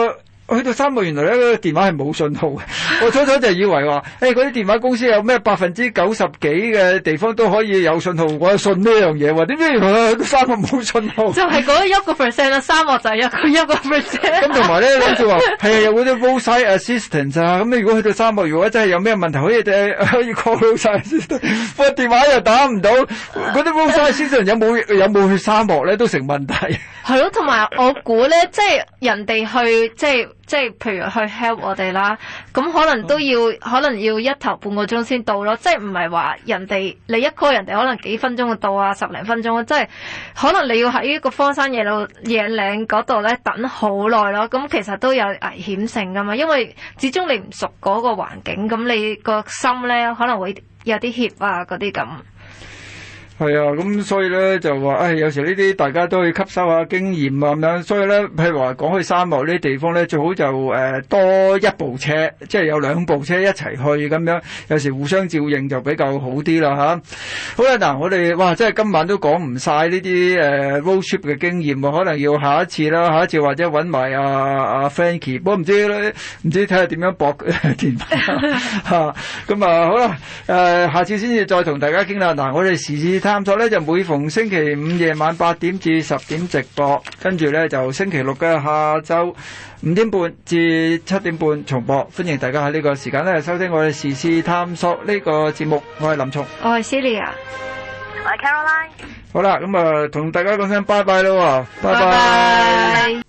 Speaker 1: 去到沙漠，原來咧、那個電話係冇信號嘅。我初初就以為話，誒嗰啲電話公司有咩百分之九十幾嘅地方都可以有信號，我信呢樣嘢喎。點知去到沙漠冇信號，就係
Speaker 3: 嗰一個 percent 啦、啊。沙漠就一個一個 percent。咁同埋咧，就話
Speaker 1: 係啊，那有嗰啲 roadside assistance 咋。咁你說說、欸那啊、那如果去到沙漠，如果真係有咩問題，可以第可以 call roadside assistance，不過電話又打唔到，嗰、那、啲、個、roadside assistance 有冇有冇去沙漠咧都成問題。
Speaker 2: 係咯，同埋我估咧，即係人哋去，即係即係，就是，譬如去 help 我哋啦，咁可能都要，好可能要一頭半個鐘先到咯。即係唔係話人哋你一 call 人哋可能幾分鐘就到啊，十零分鐘啊，即係可能你要喺呢個荒山野路野嶺嗰度咧等好耐咯。咁其實都有危險性噶嘛，因為始終你唔熟嗰個環境，咁你個心咧可能會有啲怯啊嗰啲咁。
Speaker 1: 係啊，咁所以咧就話，誒、哎、有時呢啲大家都去吸收下經驗啊咁樣。所以咧，譬如話講去沙漠呢啲地方咧，最好就誒、呃、多一部車，即係有兩部車一齊去咁樣，有時互相照應就比較好啲啦吓、啊，好啦，嗱、啊、我哋哇即係今晚都講唔晒呢啲誒 road trip 嘅經驗喎，可能要下一次啦，下一次或者揾埋阿、啊、阿、啊、Frankie 我唔知唔知睇下點樣博電話咁啊， 啊，啊好啦，呃、下次先至再同大家傾啦。嗱、啊、我哋試試。探索咧就每逢星期五夜晚八點至十點直播，跟住咧就星期六嘅下晝五點半至七點半重播。歡迎大家喺呢個時間咧收聽我哋時事探索呢個節目。我係林聰，
Speaker 2: 我係 Celia，我係
Speaker 3: Caroline。
Speaker 1: 好啦，咁啊，同大家講聲拜拜囉，拜
Speaker 3: 拜。